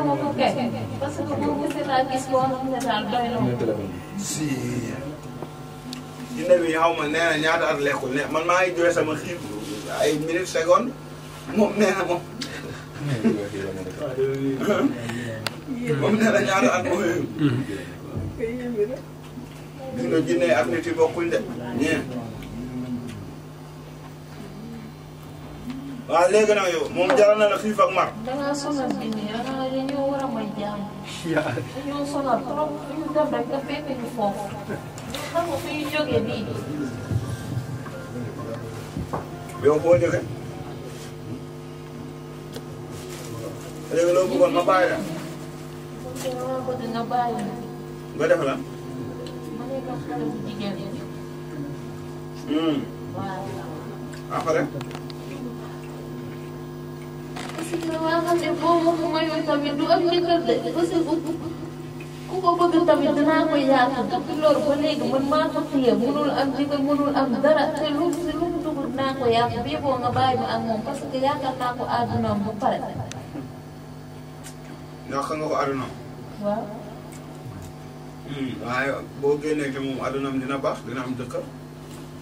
bi xaw ma nee na ñaata at man maa ngi jógee sama xiif ay minutes secondes moom nee moom. moom nee na ñaari at moo yooyu. Mm-hmm. gis jinne ak nit yi bokkuñ de ñee. waaw moom jaral na la xiif ak mar. da ngaa sonal bi nii xanaa dañoo war a may jaam. te dama bëgg nga bàyyi ma. nga def la. ma nekk xale bu jigéen bi. waaw. après. parce que maa xam ne boobu mu mayoon tamit du am jëkkër de parce que ku ko bëgg tamit dinaa ko yaakaar depuis loolu ba léegi man maa ko téye mënul am jëkkër mënul am dara te lu si lu mu dugg dinaa ko yaakaar bii boo nga bàyyi ma ak moom parce que yaakaar naa ko àddunaam bu pare. yaakaar nga ko àddunaam. waaw. Hmm, waaye boo génnee te moom adunaam dina baax dina am dëkkam.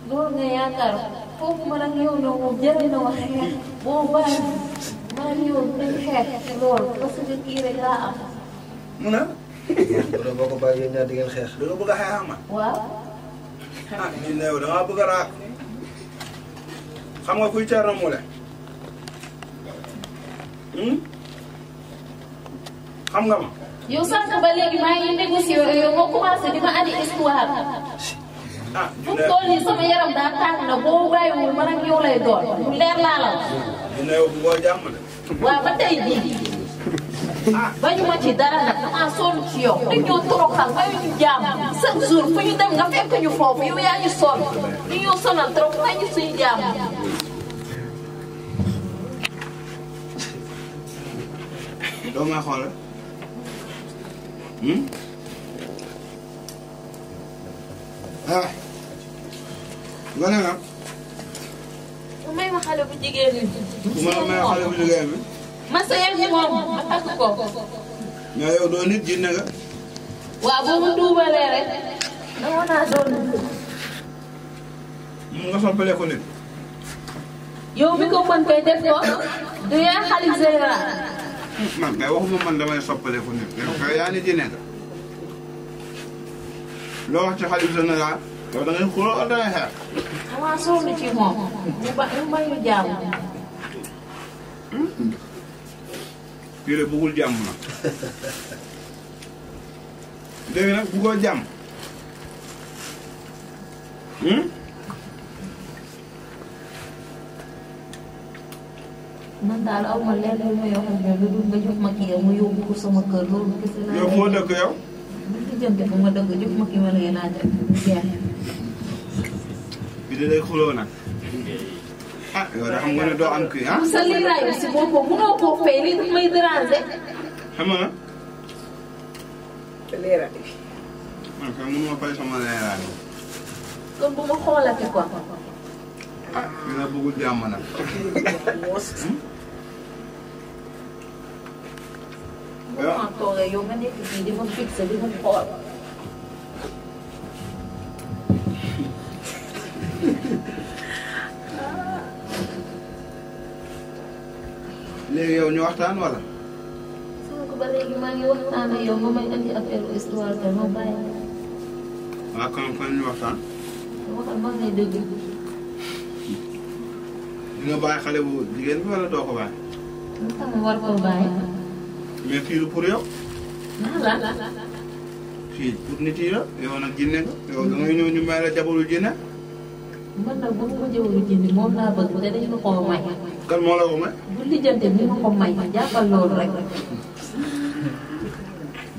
loolu nga yaakaar foofu ma nag yow na moom jëriñ na wax xeex boo baax maa ngi yow dañ xeex loolu parce que kii rek laa am. mu ne. boo ko bàyyi yéen ñaar di ngeen xeex. da nga bëgg a ma. waaw. ah ne yow damaa bëgg a raak xam nga kuy Thierno Moule. Hmm? xam nga ma. yow sànq ba léegi maa ngi négocié yow nga commencé di ma andi histoire bu tool yi sama yaram daa tàng na boo bàyyiwul man ak yow lay doon bu leer laa la ba tey bii bañu ma ci dara nag damaa sonn ci yow. dañ ñoo toroxal bayu jàmm chaque jour fu ñu dem nga fekk ñu foofu yow yaa ñu sonn ñu ñoo sonal trop fay ñu suñu jàmm. Hmm? ah. gone na. bu may ma bu jigéen bi. bu may ma bu jigéen ma sëyal ci ma takk ko. mais yow doo nit jinne nga. waaw boobu tuubalee rek. dama naa doon. mun nga soppale ko nit. yow mi ko mën koy ko. du yaa xalif man kay waxuma man damay soppaleku nit yow kay yaa nit yi loo wax ci xalif général yow da ngay xuloo wala da ngay xeex waaw ci moom mu ba mu bañu jàmm kii man daal aw ma lenn lu ma yokk ak lu dul nga jox ma kii mu yóbbu ko sama kër loolu kese laa. yow foo dëkk yow. bu ñu jënd fu ma dëkk jox ma kii ma lay laaj rek jeex. bi da lay xuloo nag. ah yow de xam nga ne doo am kii ah. sa liiraay bi si boppam munoo koo fay lii daf may déranger. xam nga. sa liiraay bi. man kay mënuma fay sama liiraay bi. kon bu ma xoolati quoi. ah dina bëggul jàmm nag. comprendre yow nga nekk fii ma fixé di ma xool. léegi yow ñu waxtaan wala. soo ko ba léegi maa ngi waxtaan ak yow nga may andi affaire histoire bi ma bàyyi la. waaw kon kon ñu waxtaan. waxal maa ngi lay déglu. di nga bàyyi xale bu ma war mais fii lu pour yow. fii pour nit yi yow nag jinne nga yow da ngay ñu may la jabalu jinne. man nag ma ko jabalu jinne moom laa bëgg te dañu ko may. kan moo la ko may. bu lijjante bi ma ko may jàppal loolu rek.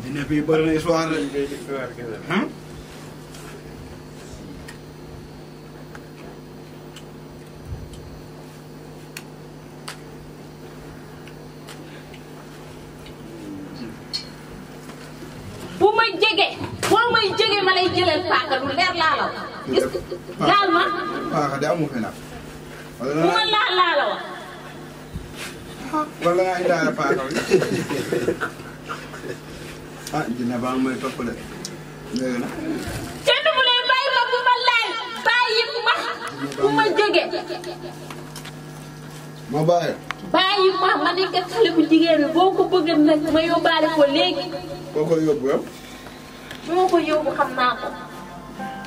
jinne fii bëri na histoire rek. laal ma. paaxa de amu fi nag. ma laal laa la wax. Ah, wala ngaa indaale paaxa bi. ah jinne baa topp de. léegi nag. kenn mu ne bu ma laal bàyyi ma bu ma jóge. ma bàyyi. bàyyi ma ma nekk xale jigéen bi ko bëggee nag ma yóbbaale ko léegi. boo ko yóbbu yow. moo ko yóbbu xam naa ko.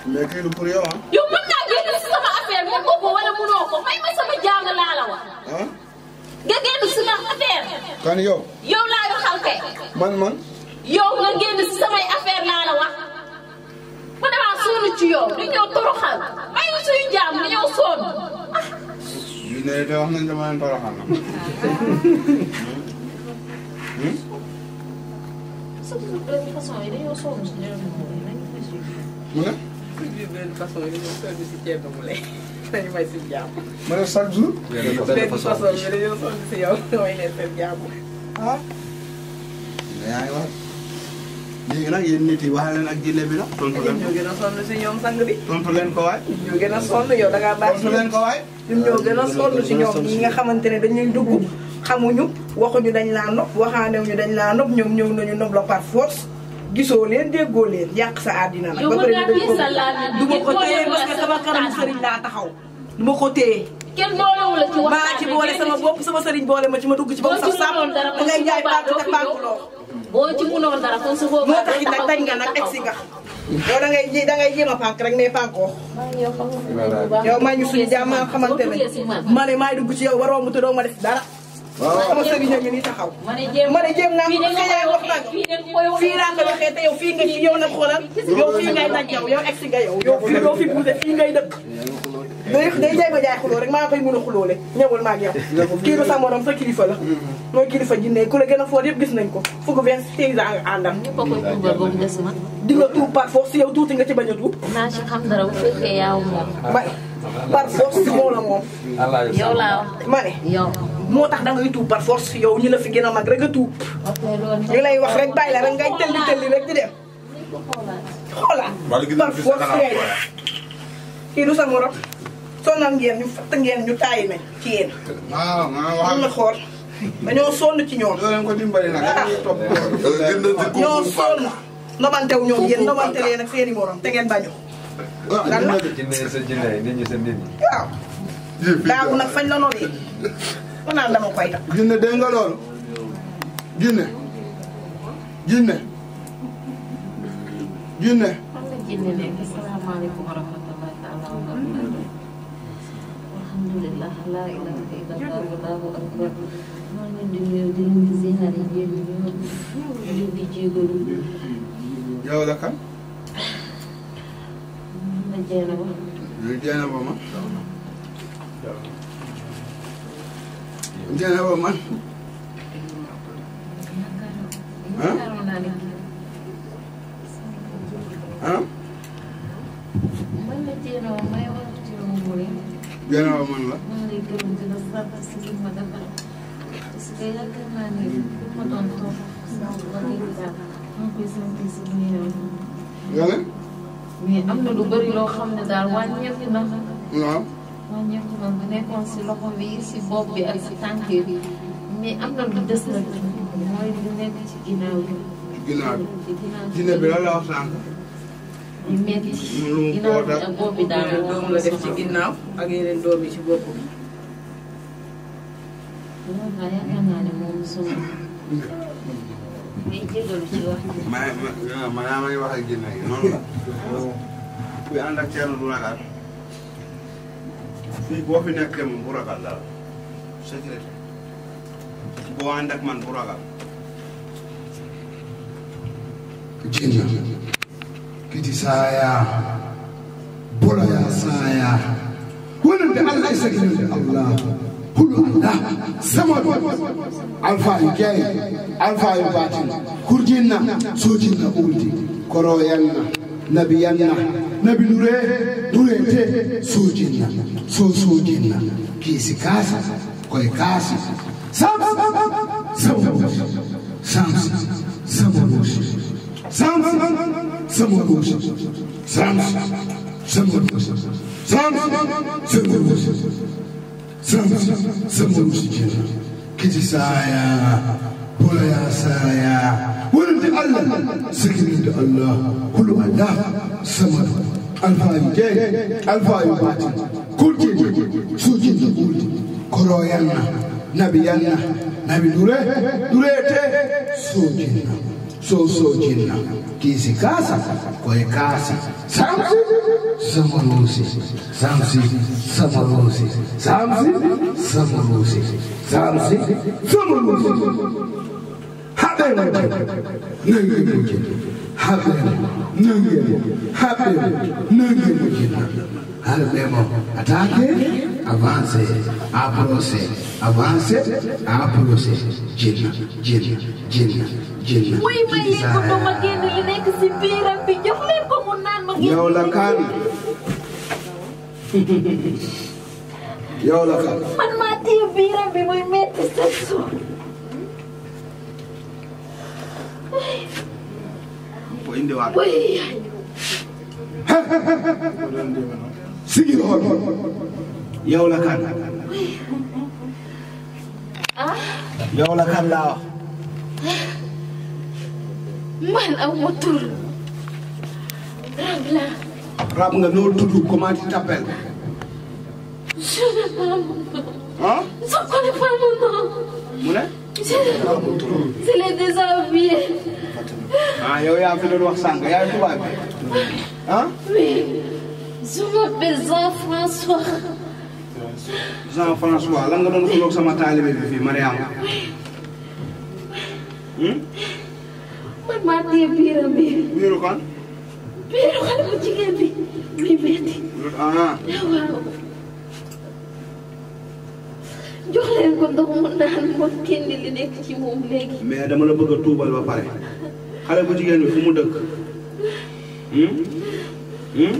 mais kii lu pour yow ah? yow mën naa génn si sama affaire moom moo wala munoo ko may ma sama jàng laa la wax. Ah? génn si sama affaire. kan yow. yow laa waxal man man. yow nga génn si samay affaire laa la ma damaa sonn ci yow di ñëw toroxal may ma suñu jaam di ñëw sonn. ñu ah. ne de wax nañu dama leen toroxal. Hmm? Hmm? mu ne. produit benn façon yi dañoo sonn si ceeb bu lay nañu may si jàmm. ma ne chaque jour. benn façon bi dañoo sonn si yow damay leen seen jàmm. ah. yaa ngi wax léegi nag yéen nit yi wax leen ak jinne bi la. tontu leen ko ñoo gën a sonn si ñoom sang bi. tontu leen ko waay. ñoo gën a sonn yow da ngaa baax. tontu leen ko waay. ñun ñoo gën a sonn si ñoom ñi nga xamante ne dañuy dugg xamuñu waxuñu dañ laa nopp waxaanewuñu dañ laa nopp ñoom ñëw nañu nopp la par force. gisoo leen déggoo leen yàq sa àddina nag. ma pare ñu ko du ma ko téye parce que sama kanamu sëriñ taxaw. du ma ko téye. kenn boolewul la ci waxtaan maa ci boole sama bopp sama sëriñ boole ma ci ma dugg ci ba mu sax sax da ngay jaay baatu te pànkuloo. boo ci dara kon su boobaa moo tax it nag dañ nga nag egg si nga. yow da ngay ji da ngay jéem a pànk rek mais pànkoo. yow maa ngi suñu jàmm xamante ne ma ne maay dugg ci yow waroo mu te doo ma def dara. sama sëriñ ñu jéem naa ko sa yaay wax nag fii laa ko waxee te yow fii nga yow nag xoolal yow ngay nag yow nga yow yow ngay dëkk day day jaay xuloo rek maa koy mën a xuloole ñëwal maa ngi yow kii du sa sa kilifa la mm-hmm. mooy kilifa jinne ku la gën a foor yëpp gis nañ ko fukk vingt six ans àndam di nga tuub par force yow tuuti nga ci bañ a tuub naa si xam dara bu fekkee yaa moom par force moom la moom yow moo tax da ngay tuub par force yow ñi la fi gën a mag rek a tuub. ñu lay wax rek bàyyi la rek ngay tëlli tëlli rek di dem. xoolaat par force ngay def kii du sa morom. sonal ngeen ñu fatt ngeen ñu taay ci yéen. waaw waaw am na xool. dañoo sonn ci ñoom. loolu ko dimbali nag dañuy ah. topp ñoo sonn. nobantew ñoom yéen nobante leen ak seen i morom te ngeen bañu. waaw lan la waaw daaw nag fañ la noonu kon naan dama koy takk. jinne dégg nga loolu. jinne. jinne. jinne. jinne nekk asalaamaaleykum wa rahmatullahi taala wa barakatuh. alhamdulilah laa ilaaha illallah wallahu akbar. maa ngi leen di nuyu di leen di ziare jéem ñëw di jégalu. yow la kan. man la Jeena Ba. yow Jeena Ba ma. janaba man ah janaba man la nga ne mais am na lu bëri loo xam ne daal wàññeeku na waaw wàññeeku ci man bu nekkoon si loxo bi si bopp bi ak si tànk yi mais am na lu des nag mooy lu nekk ci ginnaaw bi. ginnaaw bi dina la wax sànq. lu métti ci ginnaaw ak yeneen doom yi ci bopp bi. loolu ne ci wax. ma ma ma maa wax ak ginnaaw yi noonu kuy ànd ak Thierno du fii boo fi nekkee moom man bu ragal. jinja kiti saaya bola ya saaya wonon de allah saginode allah huɗo allah samado alfayu jeey alfayu batin hurjinna sojinna uldi nabiyanna nabi duree dureete soojinna soo soojinna kiisi kaasa koye kaasi sam sabogosi sam sabogosi sam sabogosi sam sabogosi sam sabogosi sam sabogosi kiisi saaya ولا يا سايا ولد الله سكنت الله كل واحد سمد الفاي جاي الفاي باتي كنت سوجي تقول كرويانا نبيانا نبي دوله دوله تي سوجينا so sojinna kisi kasa koye kaasi samsi samarusi samsi samarusi samsi samarusi samsi samarusi attaquer, avancer, approcher, avancer, approcher. Jinna, jinna, jinna, jinna. muy may leen ko ba ma génn li nekk si biiram bi jox leen ko mu naan ma génn. yow la kan. yow la kan. man maa téye biiram bi muy metti sa suuf. ko indiwaat sigi xool yow la kan ah. yow la kan laa wax man aw ma rab la rab nga noo tudd comment tu t'appelles je ne sais c'est les déshabillés. ah yow yaa fi doon wax sànq yaa ngi tubaab bi ah. oui je m'appelle Jean-François. Jean-François lan nga doon xuloog sama taalibe bi fii Mariama. Hmm? man maa téye bi. biiru bi muy jox leen ko ndox mu naan moo génne li nekk ci moom léegi. mais dama la bëgg a tuubal ba pare xale bu jigéen bi fu mu dëkk. Hmm? Hmm?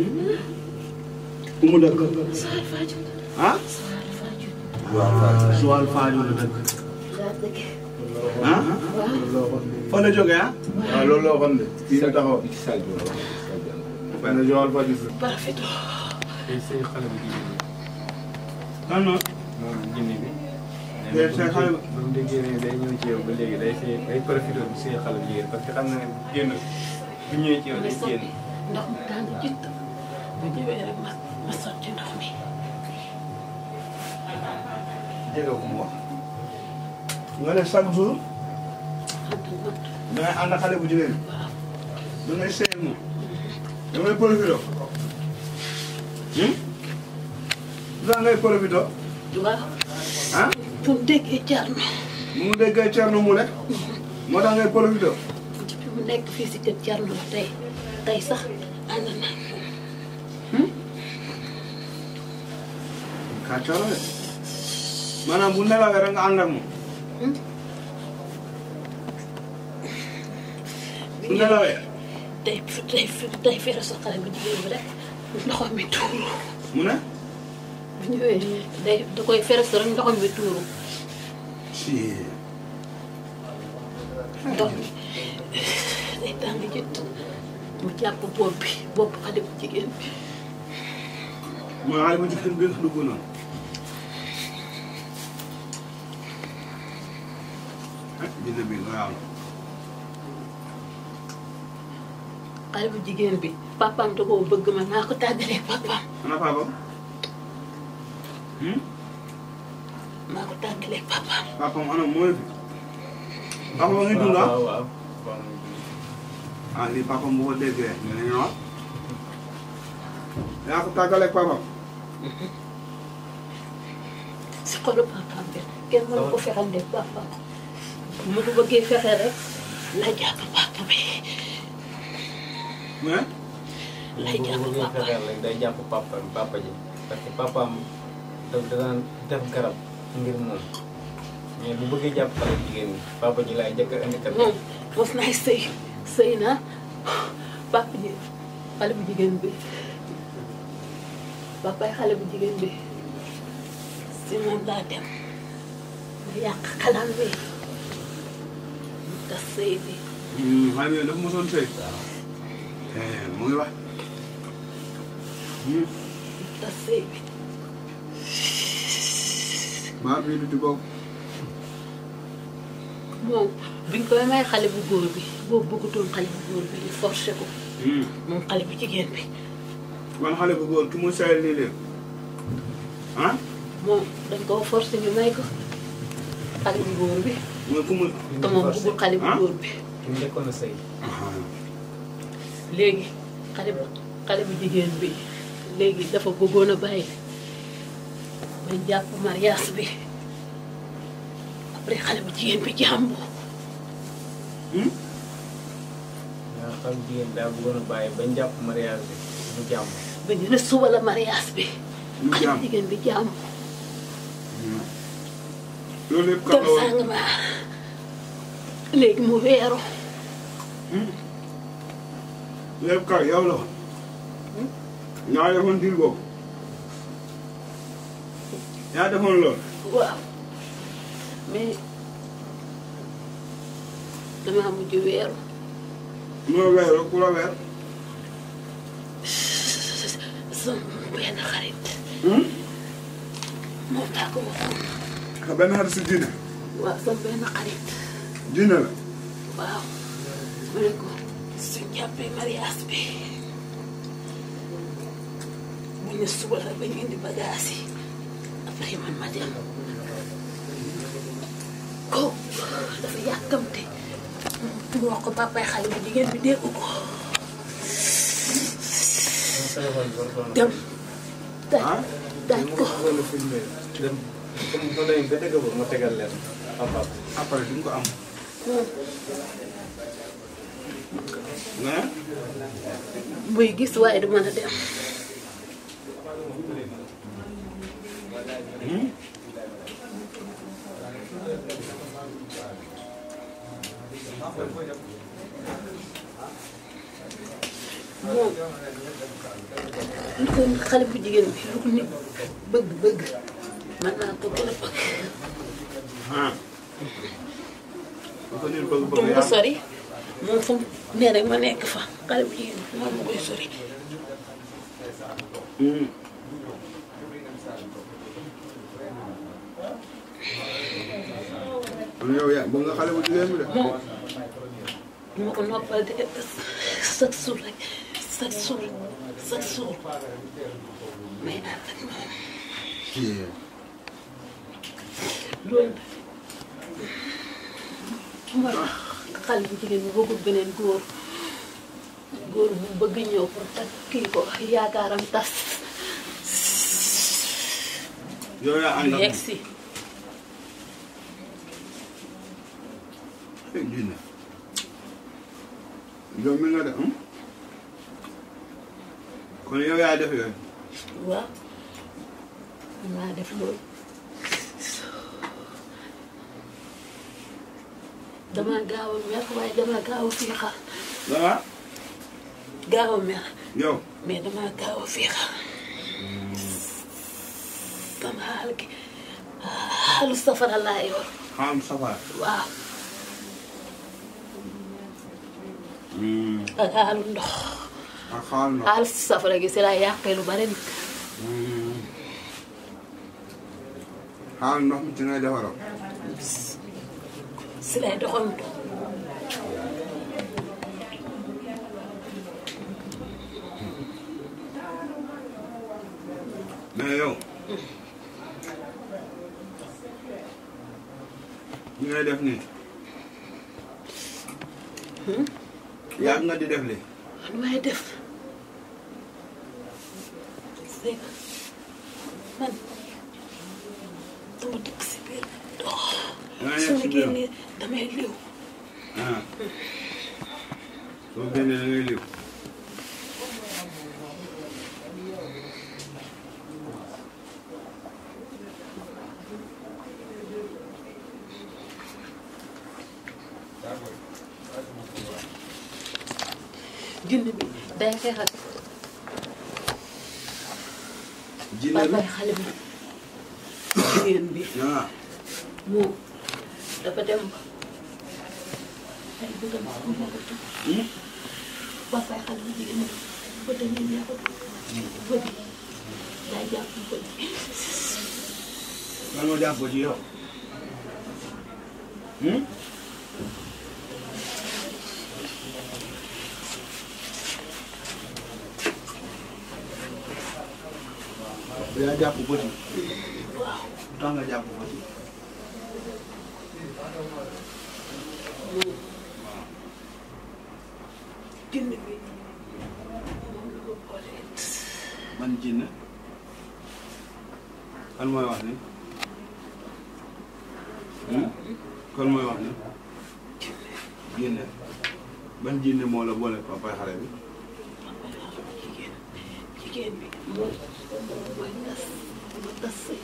fu mu dëkk. Suwal Fadiouth. ah. Suwal dëkk. ah. fan la jógee ah. waaw ah, loolu la waxoon de. kii bi la. léegi seen xale ba mu déggee ne day ñëw ci yow ba léegi day see day profité bu see xale jigéen parce que xam na ne génn bu ñëwee ci yow day génn. ndox mu daan jitt bu ñëwee rek ma ma sotti ndox mi. déggoo ko mu wax. nga ne chaque jour. da ngay ànd xale bu jigéen. da ngay seey moom. damay profité. Hmm? lu tax ngay profité. ah. pour déggee Thierno. mu déggee Thierno mu ne. moo tax ngay mu nekk fii si kër Thierno ba tey tey sax ànd na. Hmm? maanaam bu nelawee rek nga ànd moom. Hmm? bu nelawee. tey tey tey fii la sa xale bu jigéen bi rek ndoxam mi tuuru. mu ne. ñu ñëwee day da koy feres rek ndoxam bi tuuru. si. ndox mu jàpp bopp bi bopp xale jigéen bi. mooy xale jigéen bi lu gën a. ah jigéen bi. papaam da koo bëgg ma naa ko tàggalee papaam. Hmm? maa ko tàggalee papaam. papaam ana mooy fi. papaam a ngi dund ah waaw waaw ah lii papaam bu ko déggee dinañu wax. yaa ko tàggalee papaam. si xolu papaam bi ko fexeel de mu ko bëggee fexe rek la jàpp papa bi. mais. la jàpp papa bi day jàpp papa bi papa ji parce que papaam. daf danaan def garab ngir moom mais bu bëggee jàpp xale sëy sëy naa papa bu jigéen bi papaay xale bu jigéen bi si moom laa dem ma yàq xalam bi mu tas sëy bi. Hmm, eh, mu ngi wax. Hmm. mu tas sëy bi. maa ngi nuyu boobu. koy may xale bu góor bi boobu bëggutoon xale bu góor bi di ko. Hmm. moom xale bu jigéen bi. man xale bu góor ki mu sayal nii ah? dañ koo forcé ñu may ko xale bu góor bi. Ah? bi. nekkoon a léegi xale bu xale bu jigéen bi léegi dafa bëggoon a bàyyi. may jàpp mariage bi après bi jàmbu. yaa xam jigéen daa bëggoon a bàyyi bañ jàpp mariage bi mu jàmbu. ba ñu ne suba la mariage bi. mu jàmbu jigéen bi jàmbu. loolu yëpp kàlla woon dem mu weeru. lépp kàlla yow la. naa defoon diir boobu. yaa defoon loolu. waaw mais damaa mujj weeru. noo weeru ku la weer. sama benn xarit. Hmm? moom laa ko waxoon. sa ah, benn xarit si diine. waaw sama benn xarit. diine la. waaw. ma ne ko suñ jàppee mariage bi bu ñu suba la ba ñu indi bagage man ma dem ko dafa yàkkamte mu wax ko papay xale bu jigéen bi dégg ko dem daaj ah? daaj ko dem ba léegi hmm. gis waaye du mën a dem moom lu ko xale bu jigéen bi lu ko nit bëgg bëgg mën naa ko gën a bëgg. ko sori moom fu ne rek ma nekk fa xale bu jigéen bi moom ma koy sori. Hmm. du yow yaa bëgg nga xale bu jigéen moom ma ko noppal de chaque jour rek chaque may ànd ak moom. loolu moo tax xale bu jigéen bi bëggul beneen góor góor bu bëgg ñëw pour takk kii ko yaakaaram tas. yow ak moom Dina yomb na de am hmm? kon yow yaa def yooyu. waaw maa def loolu dama gaaw a waaye dama gaaw a gaaw a mer. yow mais gaaw a féexal. sama safara laa yor. xaalu safara waaw. ak mm. xaalu ndox ak xaalu ndox xaalis safara gi si laay yàqee lu bari nit xaalu mm. ndox mi ci ngay defaral si lay doxantu mais ngay def nii hmm? yàgg nga di def li man maay def sëy si biir dox su ma génnee damay liw ah. jinne bi day xeex ak. jinne bi xale bi jigéen bi. waaw ah. moom dafa dem ay bëggam xaw ma ko tudd. ba fay xale bu ji. lan moo da yaa jàpp ko ci lu tax jàpp ko ci jinn bi mooy wax ni hmm? kan mooy wax ni jinne ban jinne moo la boole papaay xale bi jigéen bi moom mooy tas ma tas sëy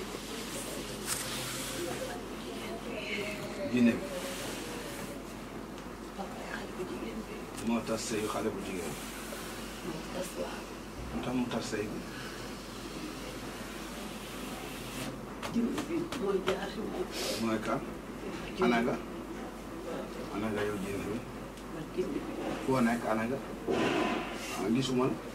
jinne bi papay xale bu jigéen bi moo tas sëyu xale bu jigéen bi moo tas waaw mu tax mu tas sëy bi jinne bi mooy jaar si moom mooy kan anaga anaga yow jinne bi foo nekk anaga ah gisuma la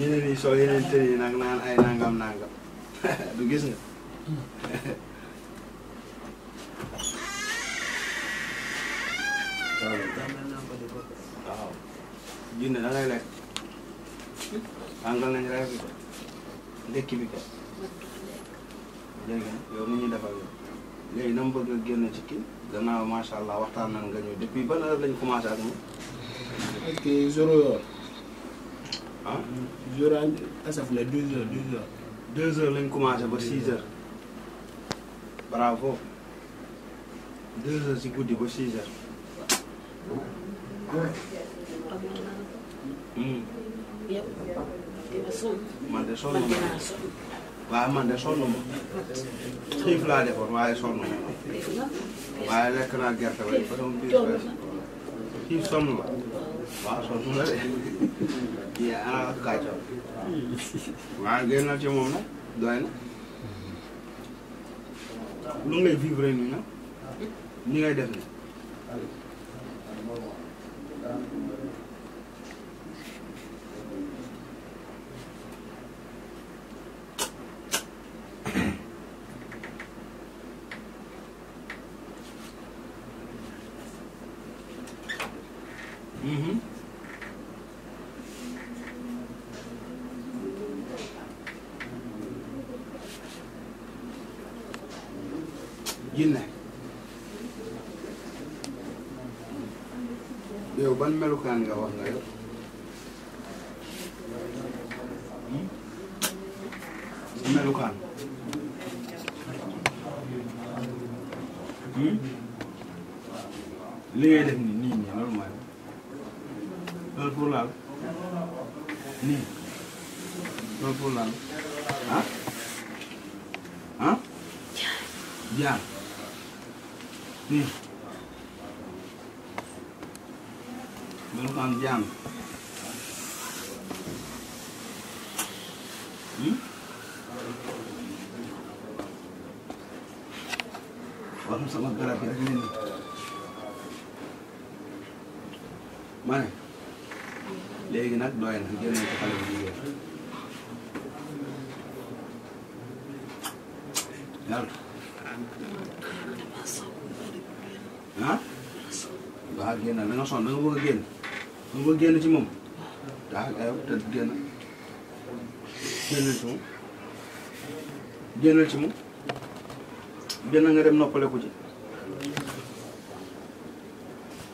ñu ne nii soo yeneen tër yi nag naan ay nangam nangam du gis nga. waaw junne da ngay lekk tàngal nañ reer bi ko ndekki bi ko léegi nag yow ni ñuy defal yow léegi na mu bëgg a génn ci kii gannaaw macha allah waxtaan nan nga ñëw depuis ban heure lañ commencé ak ah jour asaf la 12 heures 12 heures. 2 heures lañ commencé ba 6 heures. bravo. 2 heures si guddi ba 6 heures. Hmm. man de sonn ma. waaye man de sonn ma. xiif laa defoon waaye sonn ma. waaye lekk naa gerte ba parce que xiif sonn ma. waaw waaw génn ci moom nag doy na. lu ngay vivre nii nag. ni ngay def naan nga wax nga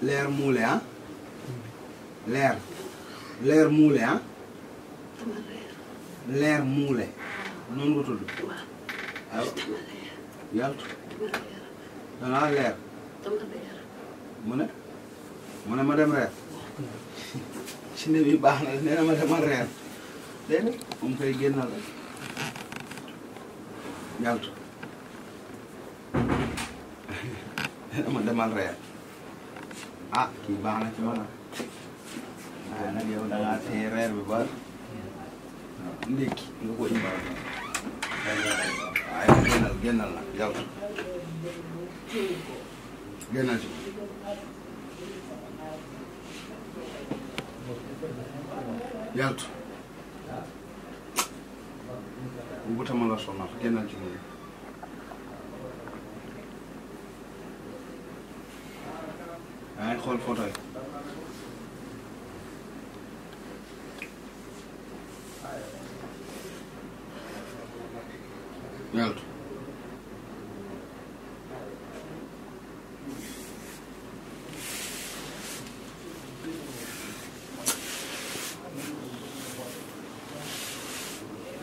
leer muule ah. leer. leer muule ah. leer muule. noonu la tudd. waaw ah, leer. mu ne. mu ne ma dem reer. ci ne bi baax na nee na ma demal reer. moom kay génnal rek. yàlla. ma demal reer ah kii baax na ci man waaye ah, nag yow da ngaa téye reer bi ba ndékki nga ko indi waaye génnal génnal nag yow génnal ci yaltu bu bu tama la sonal génnal ci moom yaa ngi xool photo yi. yàlla.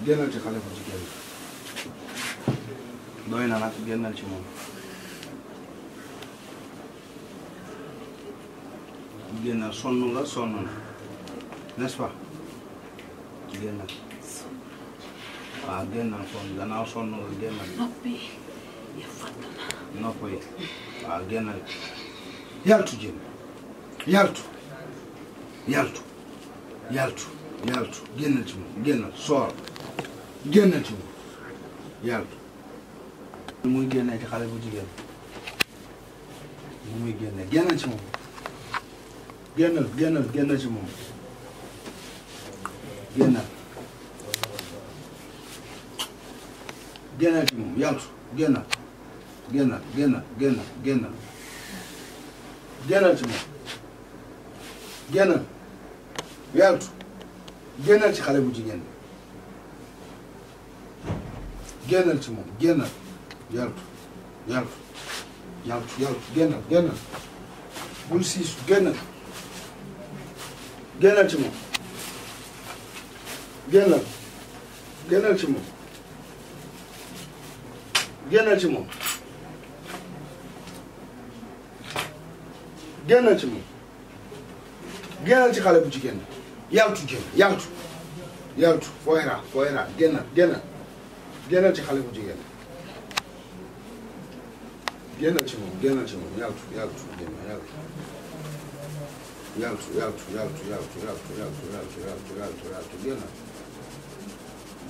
génnal ci xale bu jigéen bi doy na nag génnal ci moom. sonn nga sonn na n'est-ce pas génnal ah, waaw génnal kon gannaaw sonn nga génnal nopp yi waaw ah, génnal yaltu jëm yaltu yaltu yaltu yaltu génnal ci moom génnal soor génnal ci moom yaltu muy génnee ci xale bu jigéen mu muy génne génnal ci moom génnal génnal génnal ci moom génnal génnal ci moom yàlla génnal génnal génnal génnal génnal génnal ci moom génnal yàlla génnal ci xale bu jigéen bi génnal ci moom génnal yàlla yàlla yàlla yàlla génnal génnal bul siis génnal génnal ci moom génnal génnal ci moom génnal ci moom génnal ci moom génnal ci xale bu jigéen bi yàltu génn yàltu yàltu fooyraa fooyraa génnal génnal génnal ci xale bu jigéen bi génnal ci moom génnal ci moom yàltu yàltu génn yàltu yaltu yaltu yaltu yaltu yaltu yaltu yaltu yaltu yaltu yaltu génn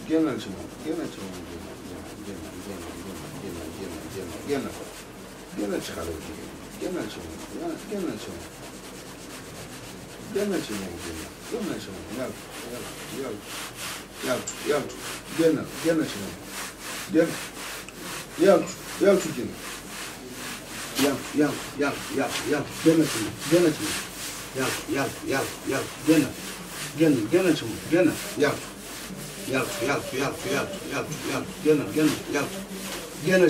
génnal ci moom génnal ci moom génn génn génn génn génn génn génn ko génnal ci xale jigéen génnal ci moom génnal ci moom génnal ci moom génn génnal ci moom yaltu yaltu yaltu yaltu génnal génnal ci moom génn yaltu yaltu génn yaltu yaltu yaltu yaltu yaltu génnal ci moom génnal ci moom yàlla yàlla yàlla yàlla génn génn génn ci moom génn yàlla yàlla yàlla yàlla yàlla yàlla yàlla génn génn yàlla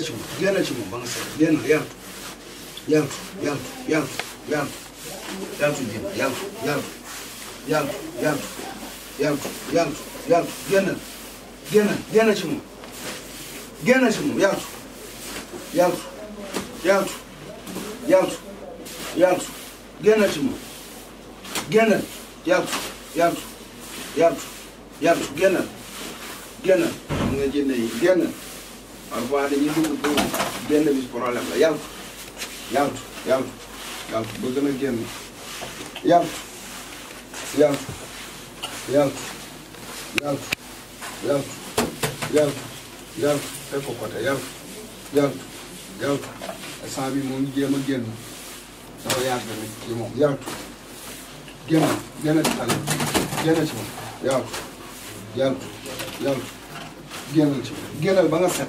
génn ci moom génn ci moom ba nga set génn yàlla yàlla yàlla yàlla yàlla yàlla génn yàlla yàlla yàlla yàlla yàlla yàlla yàlla génn génn génn ci moom génn ci moom yàlla yàlla yàlla yàlla yàlla génn ci moom génnal yàlla yàlla yàlla yàlla génnal génnal xam nga jinne yi génnal parfois dañuy dugg pour génn bis problème la yàlla yàlla yàlla yàlla ba gën a génn yàlla yàlla yàlla yàlla yàlla yàlla yàlla teg ko côté yàlla yàlla yàlla instant bi moom jéem a génn dafa yàgg nag ci moom yàlla génn génn ci tali génn ci moom yàlla yàlla yàlla génnal ci génnal ba nga set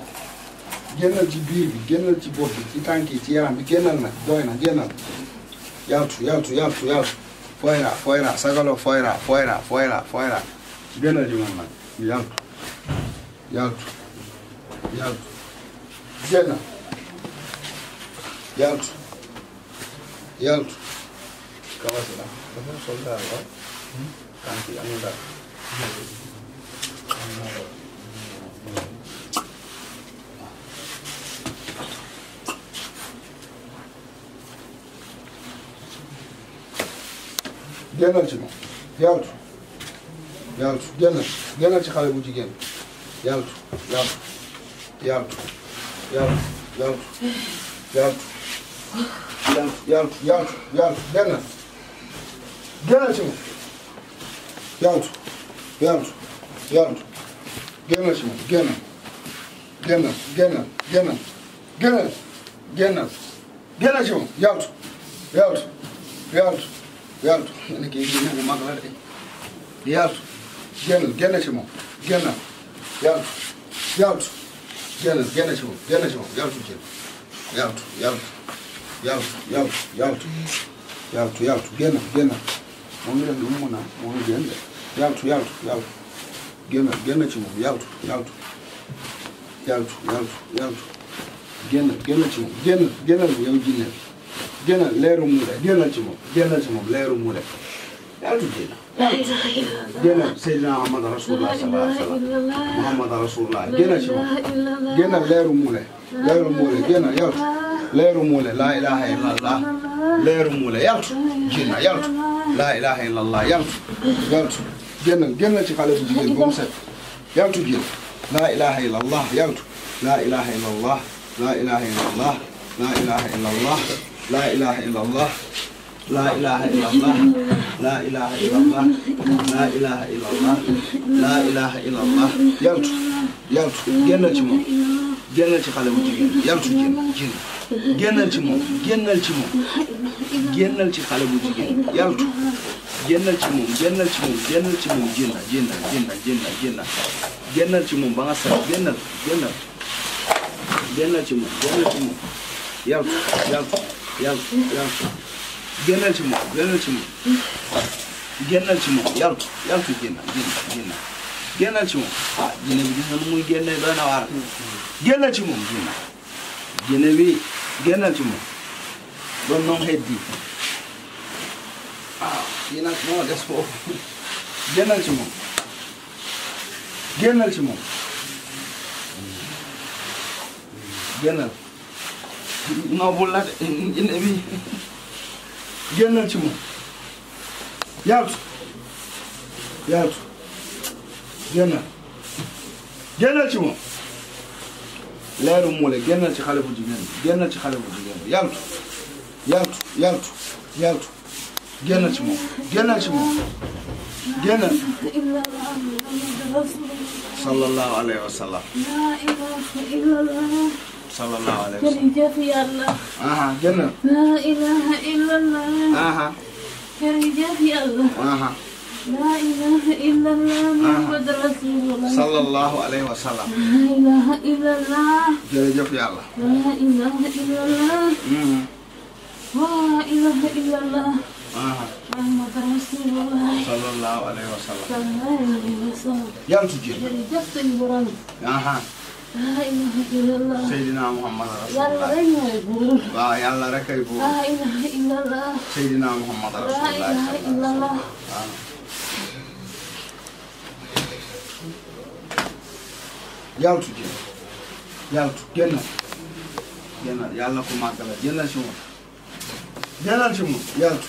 génnal ci biir bi génnal ci bopp bi ci tànk yi ci yaram bi génnal nag doy na génnal yaltu yaltu yaltu yaltu foyra foyra sagalo foyra foyra foyra foyra génnal ji moom nag yaltu yaltu yaltu génnal yaltu yaltu kawasi la dafa sol daal waaw. tànk yi amul daal. génnal ci moom yàltu yàltu génnal génnal ci xale bu jigéen yàltu yàltu yàltu yàltu yàltu yàltu yàltu yàltu yàltu génnal génnal ci moom yaantu yaantu yaantu génnal ci moom génnal génnal génnal génnal génnal génnal génnal ci moom yaantu yaantu yaantu yaantu nga ne kii bu mag la de yaantu génnal génnal ci moom génnal yaantu yaantu génnal génnal ci moom génnal ci moom yaantu jël yaantu yaantu yaantu yaantu yaantu yaantu génnal génnal moom mi def li mu mën a moom mi génn de yàltu yàltu yàltu génn génn ci moom yàltu yàltu yàltu yàltu yàltu génn génn ci moom génn génnal bi yow jinne bi génnal leeru mu de génnal ci moom leeru mu de génnal Seydina Ahmad Rasulullah sallallahu alayhi wa sallam Muhammad Rasulullah génnal ci moom génnal leeru muule leeru muule génnal yaltu leeru muule laa ilaha illallah leeru muule yaltu génna yaltu laa ilaha illallah yaltu yaltu génnal génnal ci xale bu jigéen ba mu set yaltu génn laa ilaha illallah yaltu laa ilaha illallah laa ilaha illallah laa ilaha illallah laa ilaha illallah laa ilaha illallah laa ilaha illallah laa ilaha illallah laa ilaha illallah yaltu yaltu génnal ci moom génnal ci xale bu jigéen yaltu génn génn génnal ci moom génnal ci moom génnal ci xale bu jigéen yaltu génnal ci moom génnal ci moom génnal ci moom génna génna génna génna génna génnal ci moom ba nga set génnal génnal génnal ci moom génnal ci moom yaltu yaltu yaltu yaltu Ah, génnal ci moom génnal ci moom. génnal ci moom yàlla yàlla fi génn génn ci moom ah génne bi ci moom génn génne bi ci moom doon noom xeet bi ci moom génnal ci moom génnal. non bul la de bi. génnal ci moom yaltu yaltu génnal génnal ci moom leeru muule génnal ci xale bu jigéen bi ci xale bu jigéen bi yaltu yaltu yaltu yaltu génnal ci moom génnal ci moom génnal sallallahu alayhi wa sallam sallallahu alayhi wa sallam jërëjëf yàlla. gën a. laa ilaha illallah. jërëjëf yàlla. laa ilaha illallah. Mhm. Muhammad rasulullah. sallallahu alayhi wa sallam. laa ilaha illallah. jërëjëf yàlla. laa ilaha illallah. laa ilaha illallah. Muhammad rasulullah. sallallahu alayhi wa sallam. yan su jërëjëf. jërëjëf sëñ borom. Seydina Muhammad Rasulullah waaw yàlla rek ay buur Seydina Muhammad Rasulullah waaw yaltu jën yaltu génnal génnal yàlla ko màggal génnal si moom génnal si moom yaltu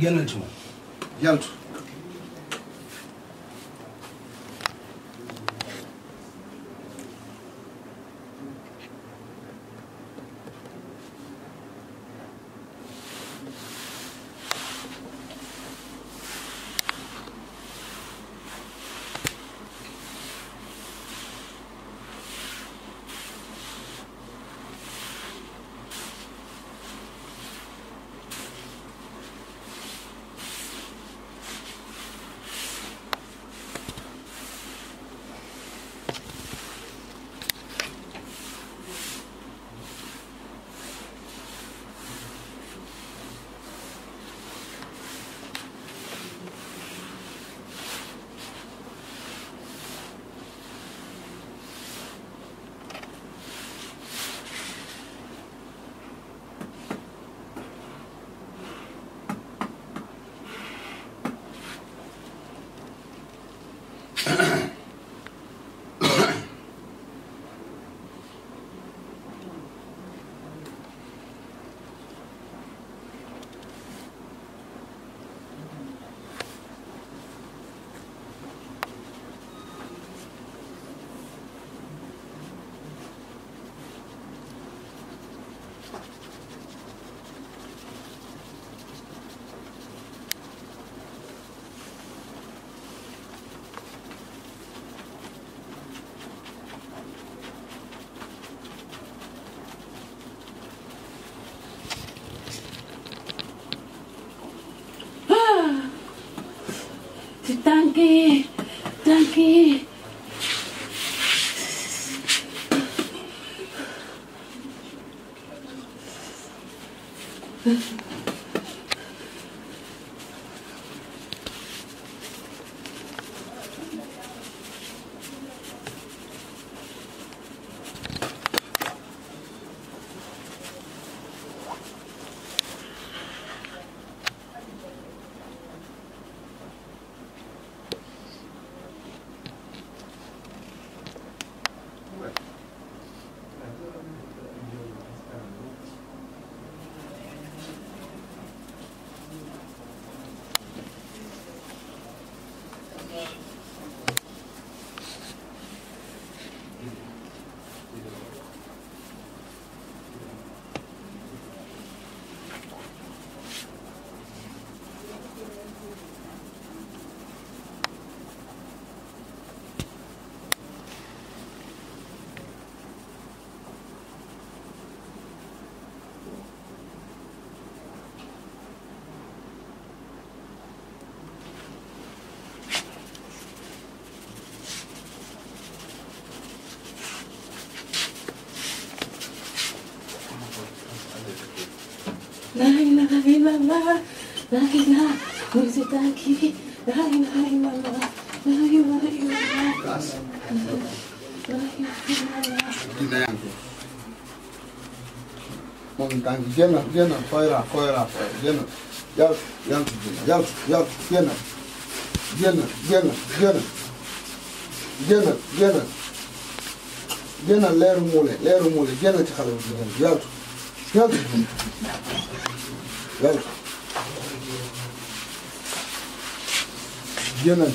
génnal ci moom yaltu Danke, danke. ライママライラ水炊きライライママライライママライライママもうだげなげなこえらこえらこえげなややややげなげなげなげなげなげなげなレールモレレールモレげなちゃかれるやや Gel. Gel lan.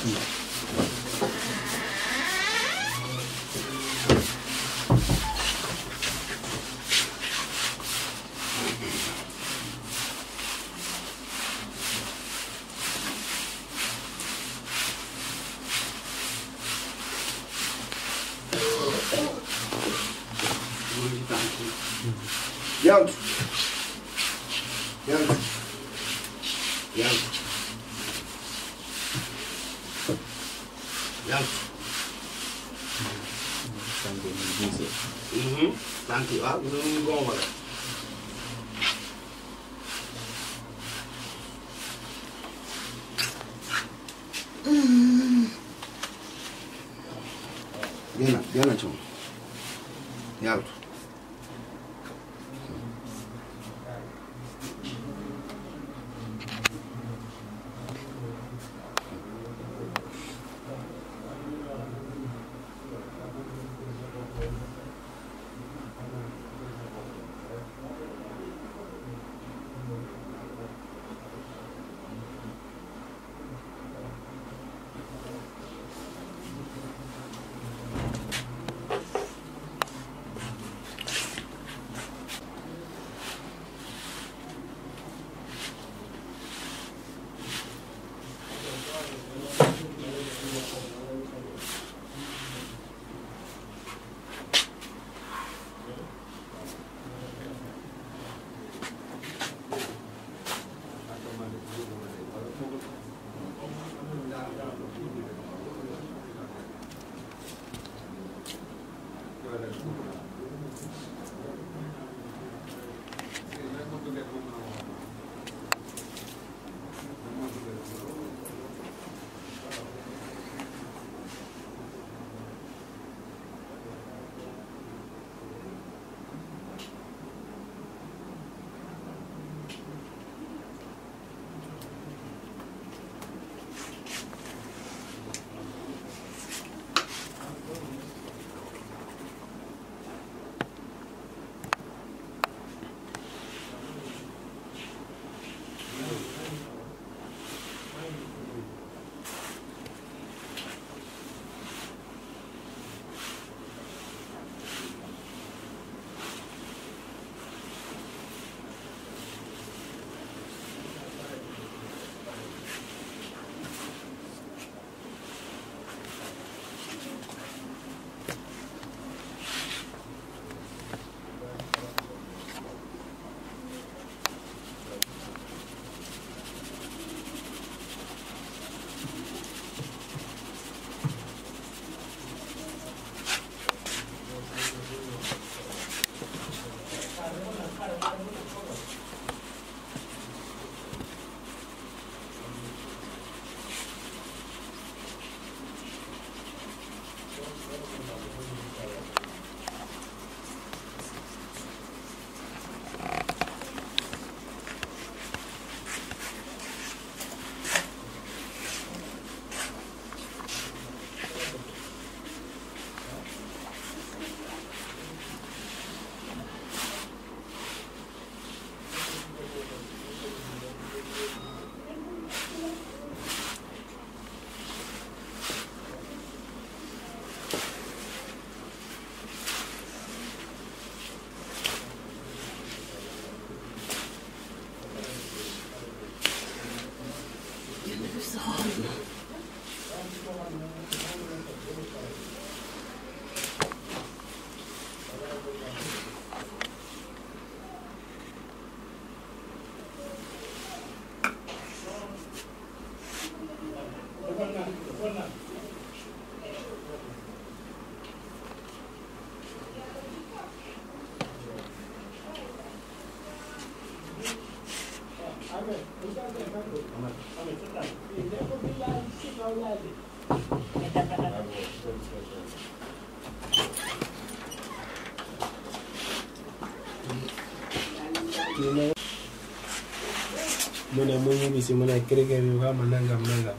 bi si mën a kërëkër bi waa ma nangam nangam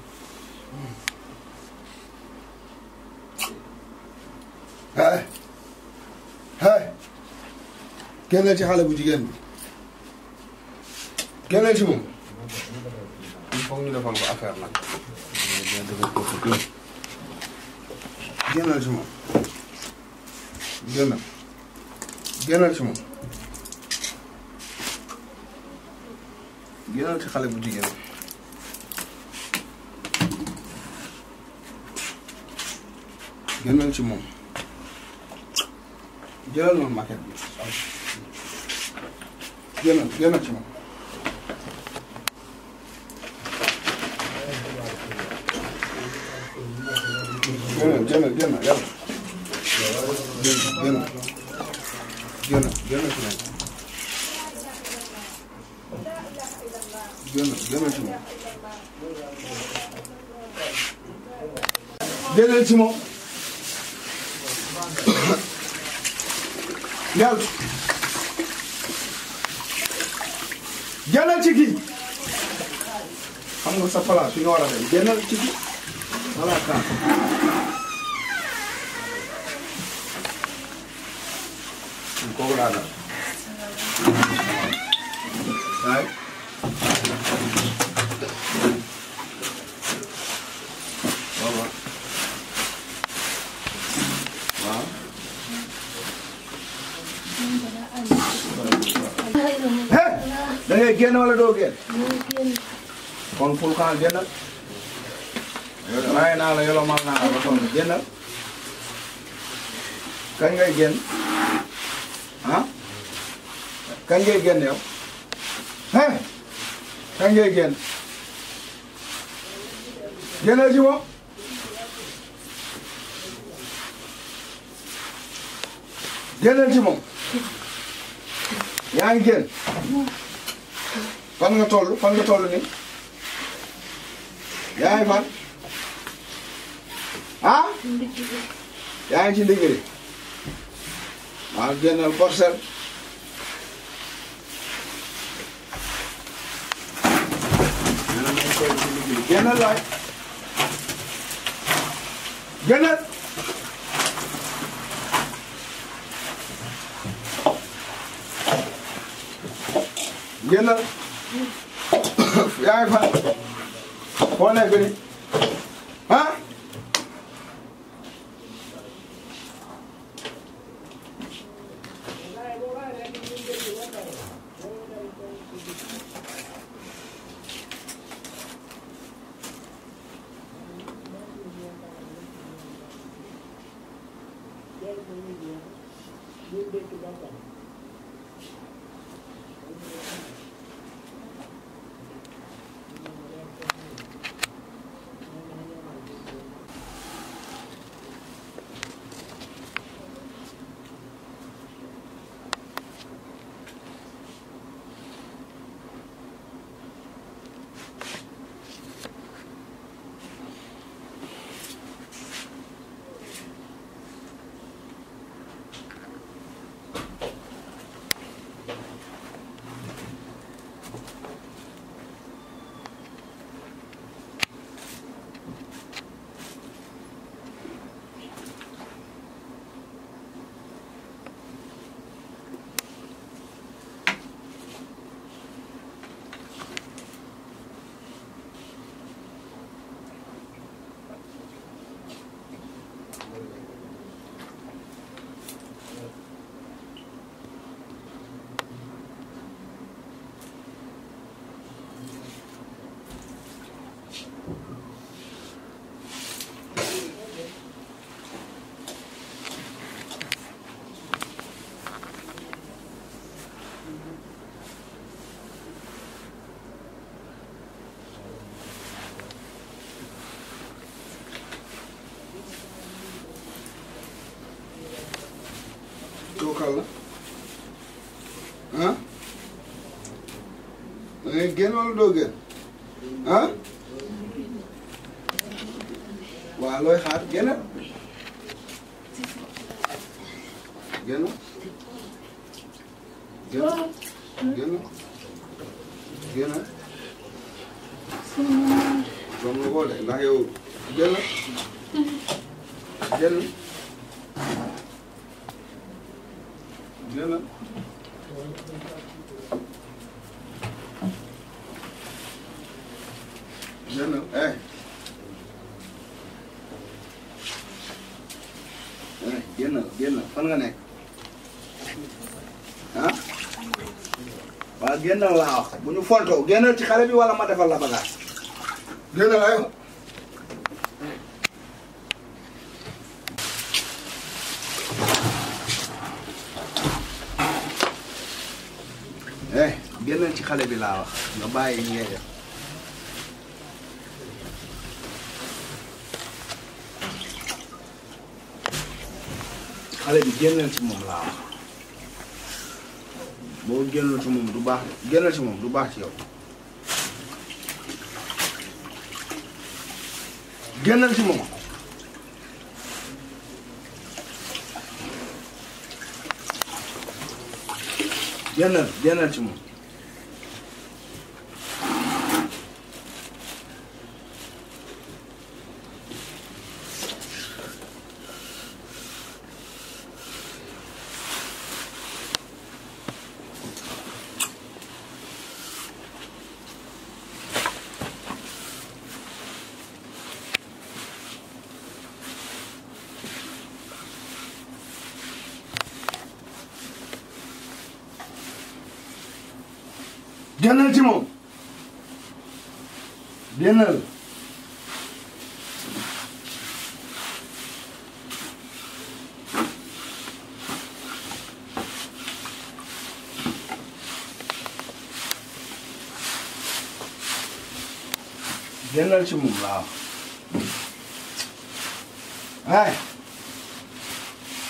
hay hay génneel ci xale bu jigéen bi génneel ci moom yönetimim. కోవడాలు da ngay génn wala doo génn kon ful kan génnal ray naa la yolomal naa la ba sonn génnal kañ ngay génn kañ ngay génn yow ah kañ ngay génn génnal ci moom génnal ci moom yaa ngi génn fan nga toll fan nga toll ni yaa ngi fan ah yaa ngi ci ndigiri waaw génnal forcel Gënal waay gënal. gënal. yaa ngi fa foo nekk nii. génn wala doo génn génn a fan nga nekk ah waaw gen laa wax bu ñu fontoo génnal ci xale bi wala ma defal la bagage génnal ayo eh génnal ci xale bi laa wax nga bàyyi ñeeja xale bi génnal si moom laa wax boo génnal ci moom du baax génnal ci moom du baax ci yow génnal ci moom génnal génnal ci moom dal ci moom laa ay da eh,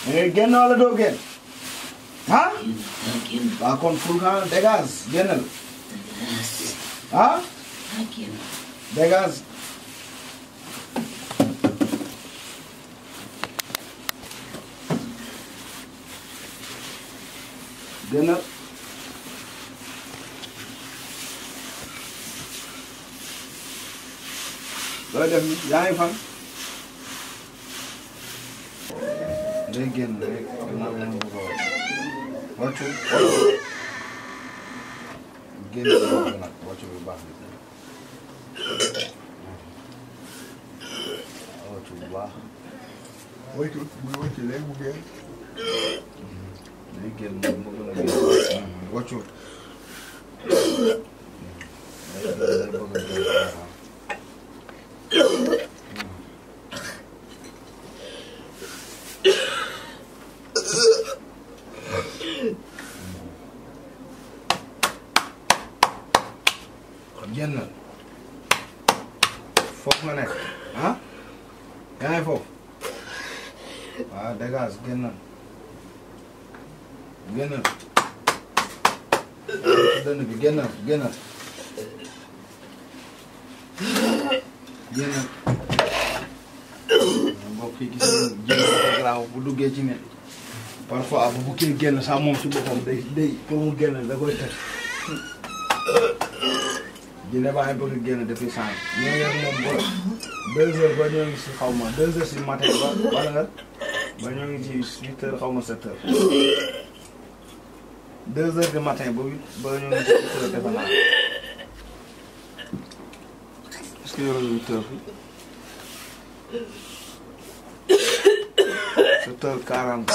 ngay génn wala doo ah waa kon Fulkan dégage génnal ah dégage génnal yàlla def ni yaa ngi fan. day génn rek dinaa leen bëgg a wàcc. wàccu génn bi nag wàccu bu baax bi. wàccu bu baax. wàccu muy wàcc léegi mu génn. day génn génnal génnal mbokk yi gis ngeen garaaw bu duggee ci nit parfois bu bukkee génn sax moom ci boppam day day pour mu génn da koy tëj dina bàyyi bëgg génn depuis sànq ñoo ngi moom ba deux heures ba ñoo ngi si xaw ma deux heures si matin ba wala nga ba ñoo ngi ci huit heures xaw ma sept deux heures du matin ba huit ba ñu ne huit heures defe naa est-ce que yoroon huit heures bi sept heures quarante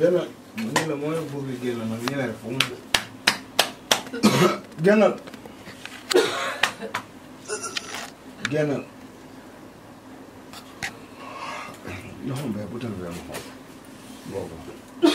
benn ñu ne mooy bëgg génn nag ñu ne fu mu génnal génnal loxo mbay bu tël bi ma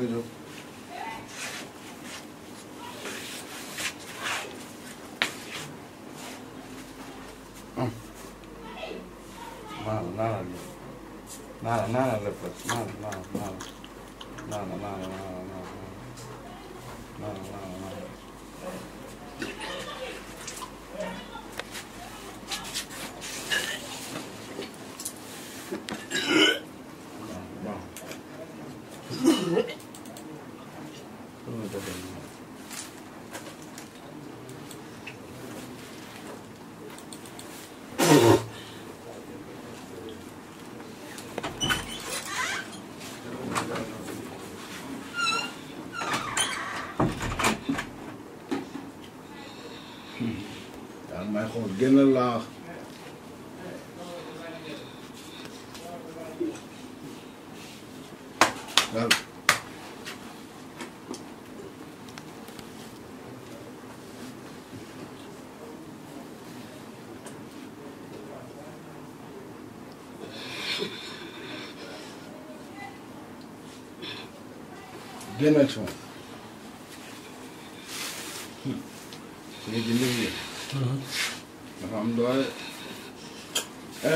Buyurun. Nara, nara. Nara, nara, nara, nara, nara, nara, nara. gën a laax daal gën a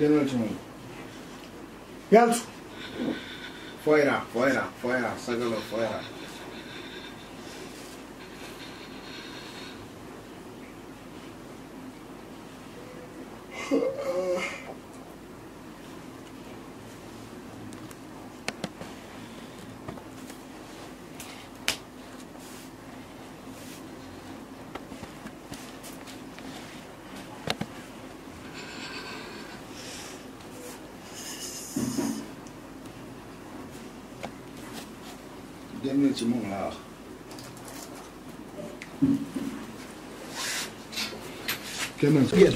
genoltimoy yaltu foyra foyra foyra sagalo foyra Oh. ne ci moom laa wax kenn génn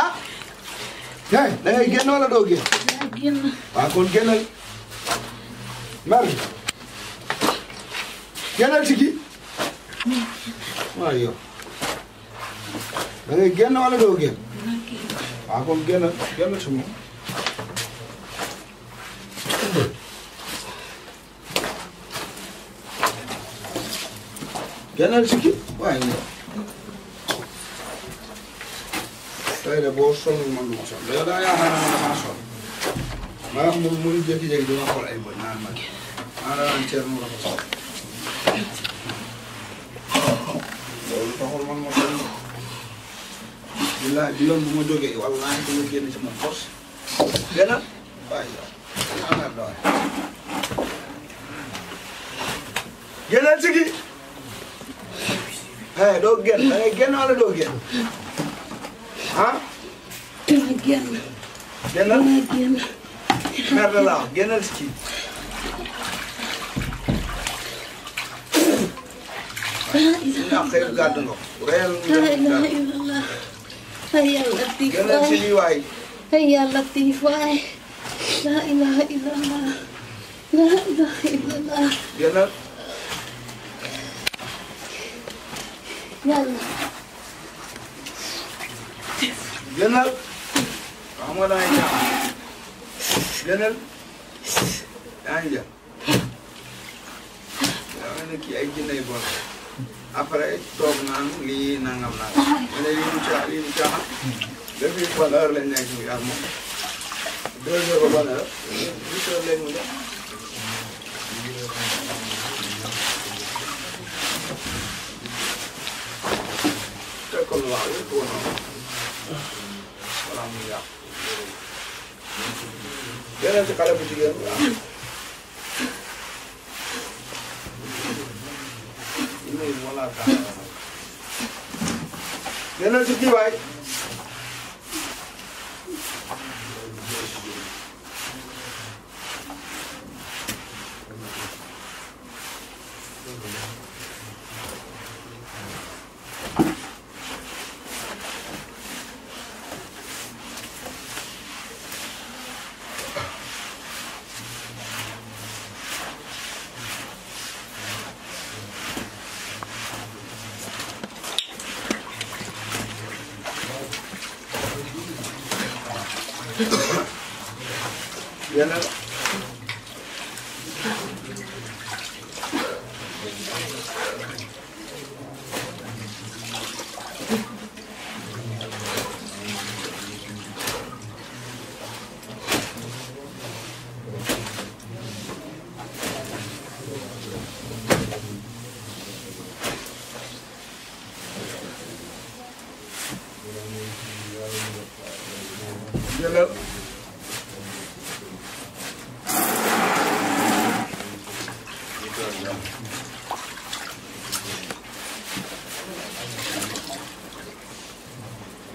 ah yaay da ngay génn wala doo génn génn waaw ah, kon génnal mari génnal ci kii waaw yow da ngay génn wala doo génn waaw ah, kon génnal génnal ci moom Genel fikir bu aynı. Şöyle bol sol bulmam lazım. Böyle ayağı hemen bana sol. Ben bunu bunu jeki jeki kol ay boy naan mak. Ara anter mu la sol. Loolu taxul man ma sol. Billahi bi yoon bu ma jógee wallahi dama génn ci man force. Genel bàyyi la. Ana doy. Genel sigi. he doo génn da ngay génn wala doo génn ah. dama génn. génnal dama génn. mer de la génnal si kii. waaw xëy na gàddu nga ko. réel nga génnal si lii waay. يا لطيف واي لا اله الا الله لا اله الا الله yàlla. gënal. waaw xam nga daañu jàpp gënal daañu jàpp. daa mel ni kii ay jinne bon après toog naan lii nangam naan ma ne lii du caa lii du caaxaan. depuis ban heure lañ nekk muy ànd moom. deux heures ba ban heure. loolu waaw yëpp woon na wala muy yàqu. beneen ci xale bu jigéen bi waaw.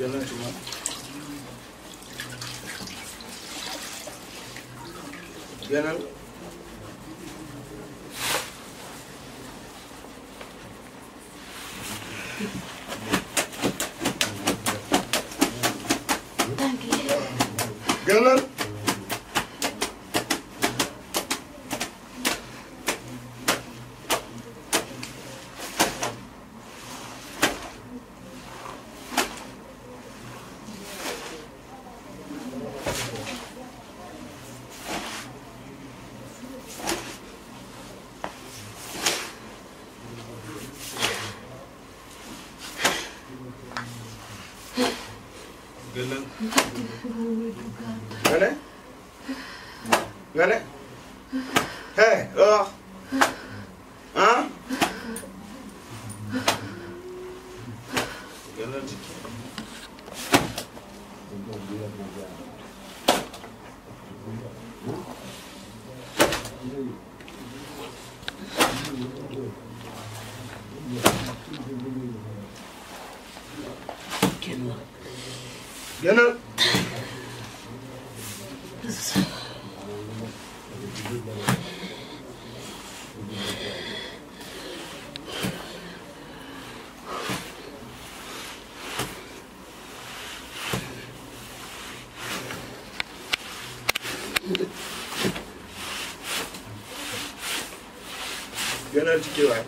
yonent moom beneen gënal daal ci Géejawaay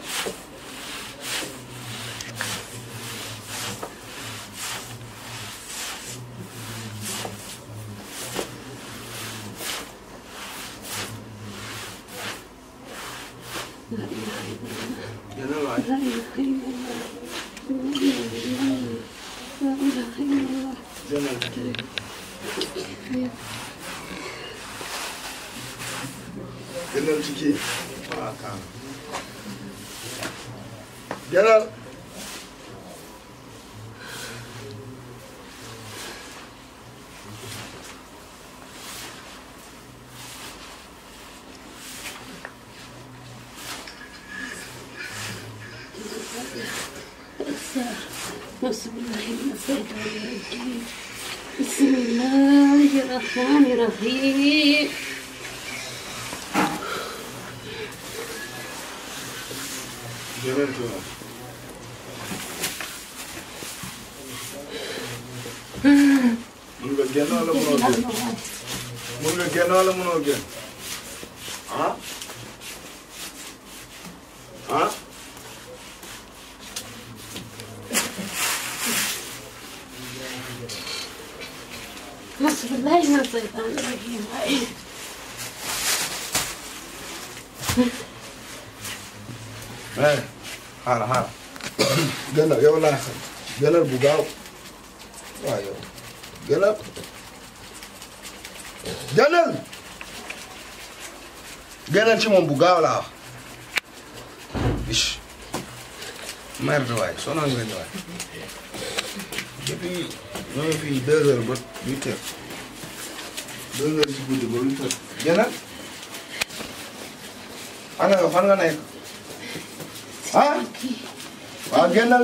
الشام رفيق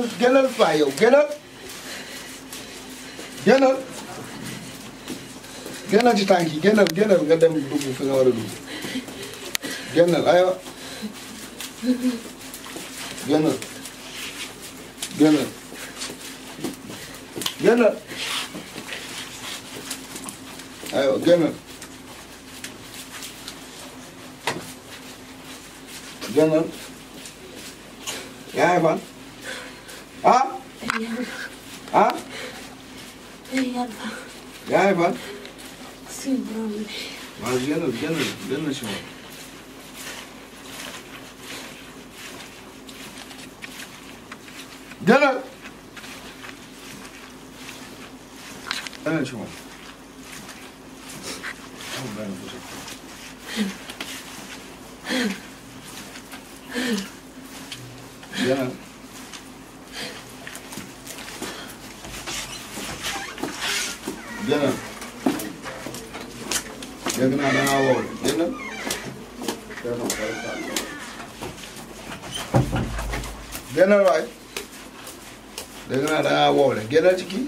génnal génnal faa yow génnal génnal génnal nga dem dugg fi nga war a dugg génnal aywa génnal génnal génnal aywa génnal génnal yaa ngi fan ah. ah. yaay fan. suñu borom bi. waaw génn génn génn si moom. génn. génn si moom. genel ci kii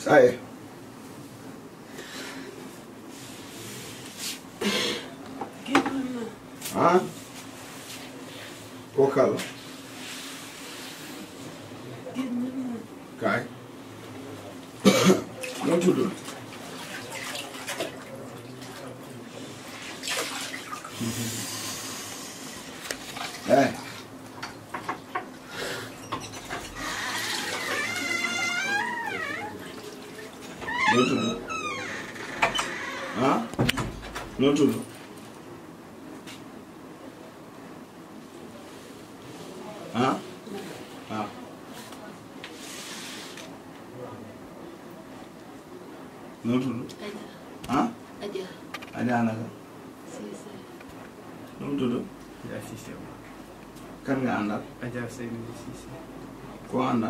Ça y est. Hein? waxaan na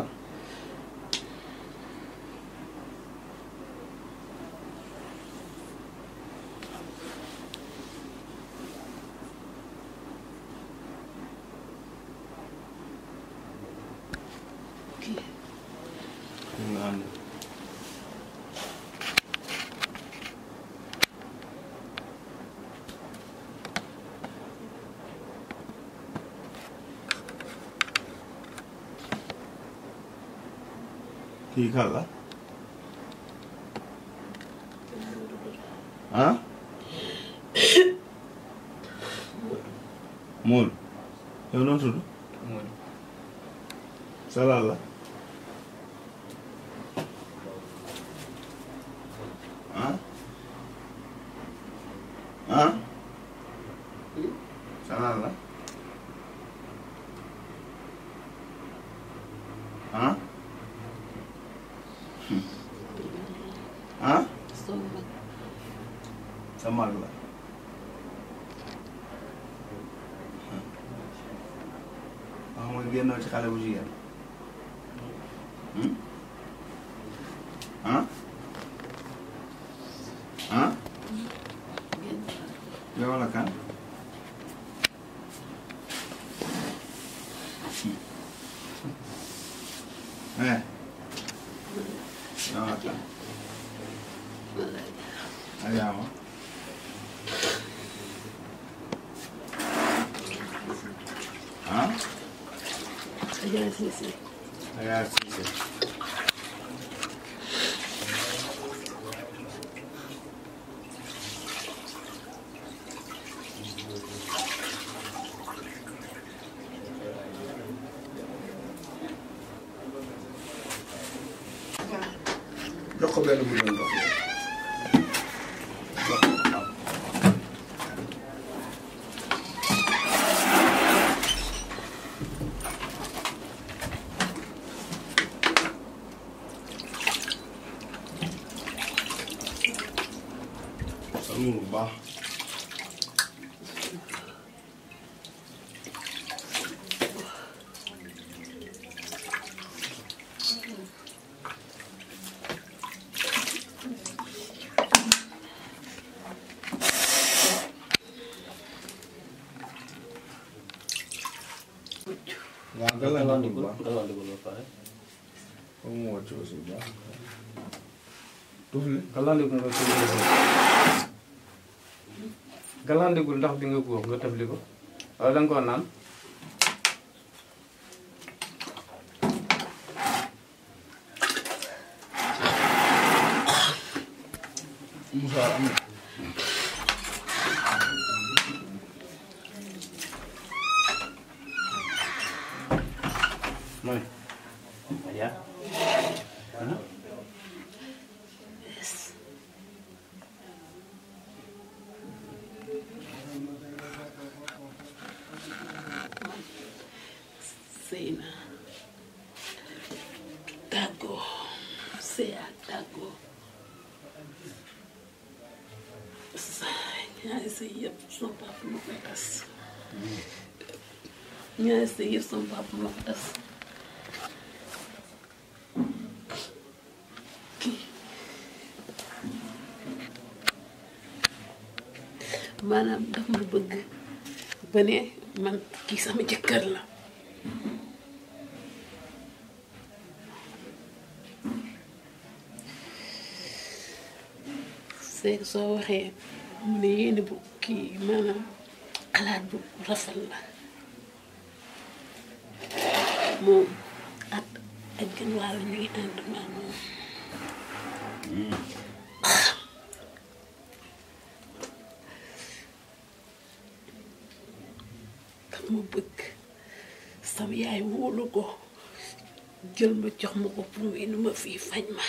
kalla ci xale Cissé. Magar Cissé. jox ko benn bu bu baax gàllandikul ba pare. comme mu wàcc aussi bu baax. tuufli gàllandikul nga tuufli gàllandikul ndax bi nga góob nga tëfli ko wala da nga koo naan. ñu ne si yëpp sama papa ma ko tas maanaam daf ma bëgg ba ne man kii sama jëkkër la c'est soo waxee mu ne yéene bu kii maanaam xalaat bu rafet la moom ak ak gën waaw ñu ngi ànd maa moom bëgg sam yaay wóolu ko jël ma jox ma ko pour mu indi ma fii fañ ma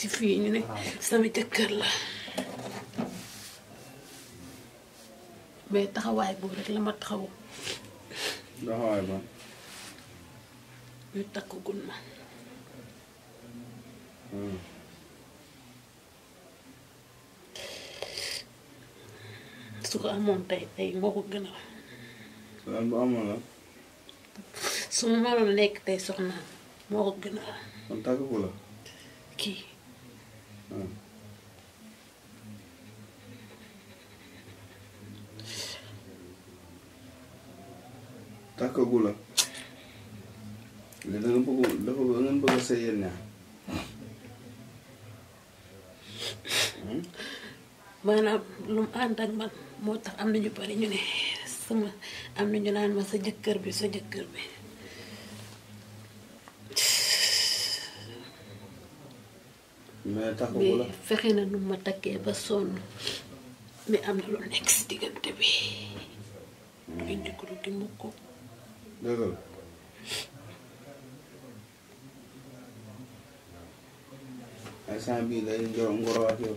si fii ñu ne sama jëkkër la mais taxawaay boobu rek la ma taxawu. taxawaay ba. ñu takk gun ma. Hmm. su ko amoon tey tey moo ko gën a. la. su ma mënoon nekk tey soxnaam moo ko gën a. kon tàggu la. takkagu la li da nga dafa da ngeen bëgg a sëy yéen ñaar hmm? maanaam lu mu ànd ak man moo tax am na ñu bari ñu ne sama am na ñu naan ma sa jëkkër bi sa jëkkër bi mais takkagu fexe na nu ma takkee ba sonn mais am na lu nekk si diggante bi. ñu nekkul di mukk instant bii day ngoro ngoro ak yow.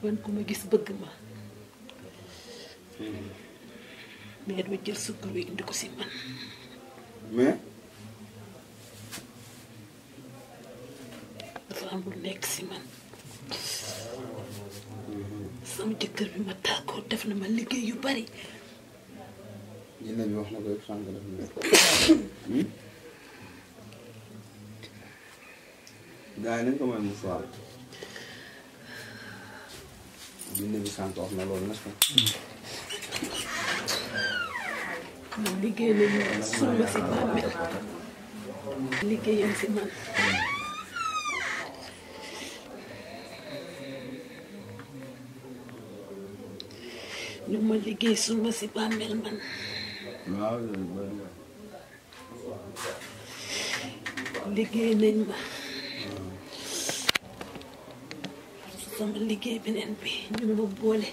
man ku ma gis bëgg ma. mais hmm. dama jël sukkur indi ko si man. mais. dafa nekk si man. sama jëkkër bi ma tàggoo def na ma liggéey yu bari. ñu ne ñu wax na ko yëpp def na ko. Hmm? gars na loolu naka. moom ma si liggéeyam si man. lu ma liggéey suba si bàmmeel man liggéey nañ ma hmm. sama liggéey beneen bi ñu ma boole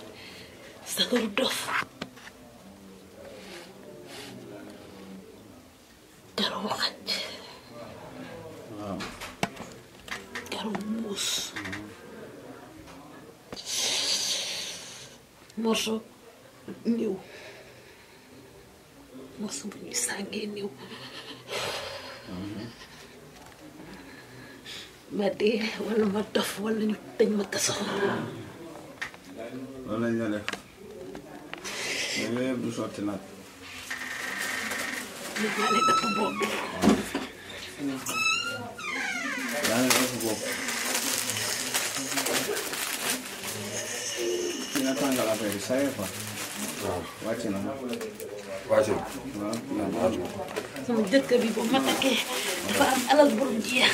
sagaru dof garu xaj garu muus hmm. morso maa ngi niw ma dee wala ma dof wala ñu tëj ma kaso. loolu ñu def mais yooyu yëpp du sotti nag. ñu daanee dëpp bopp. daanee dëpp bopp. ci nga tàngal affaire yi saa waaw wàcc na ma. wàcc na. waaw sama jëkk bi bu ma takkee dafa am alal bu dul jeex.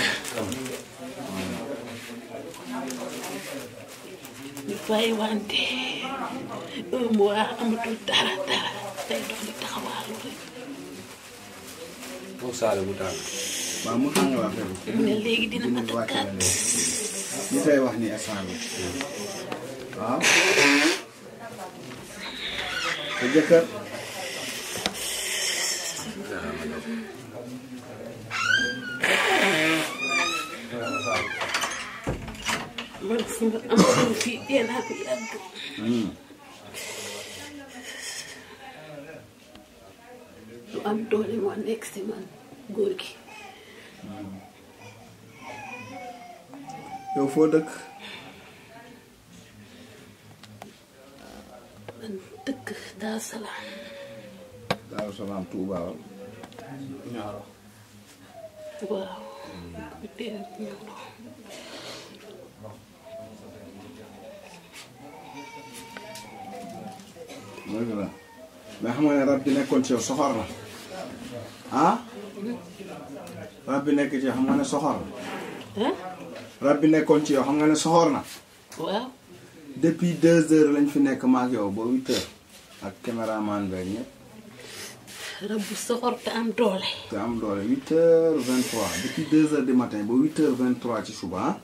ñu fay wante un mois amatul dara dara day dox di taxawaalu rek. foofu saale bu tàng. waaw mu tàng waa xew. ne léegi dina ma takkaat. ñu koy wax ni instant bi waaw. sa jëkkër man suma am suma fii dee naa ko yàgg hmm. lu am doole moo nekk si man góor gi yow foo dëkk man dëkk Daaru Salaam. Daaru Salaam Touba waaw. Nioro. xam nga ne rab bi nekkoon ci yow soxor la ah. rab bi nekk ci yow xam nga ne soxor la. rab bi nekkoon ci yow xam nga ne soxor na. waaw. depuis deux heures lañ fi nekk ma ak yow ba huit ak caméraman beeg ñëpp. rab bu soxor te am doole. te am doole huit heures vingt trois depuis deux du matin ba huit heures vingt trois ci suba ah,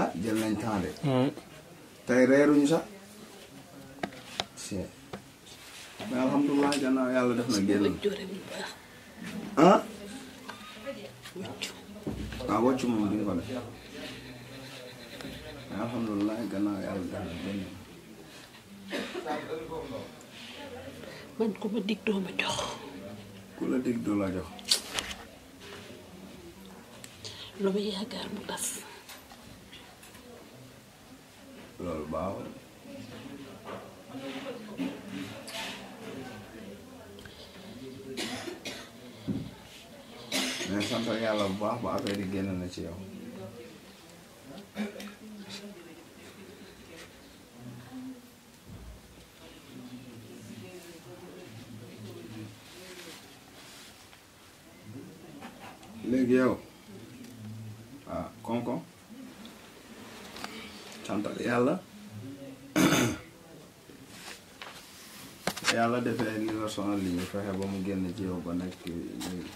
ah jël nañ temps de. tey reeruñu sax. mais alhamdulilah yàlla def na génn. ah. waaw ah, wàccu moom duñ ko def mais alhamdulilah gannaaw yàlla def na génn. man ku ma dig doo ma jox. ku la dig doo la jox. lu ma yaakaar mu tas. loolu bu baax ba affaire yi génn na ci yow. léegi yow waaw ah, konkon santal yàlla yàlla defee li la sonal lii fexe ba mu génn ci yow ba nekk léegi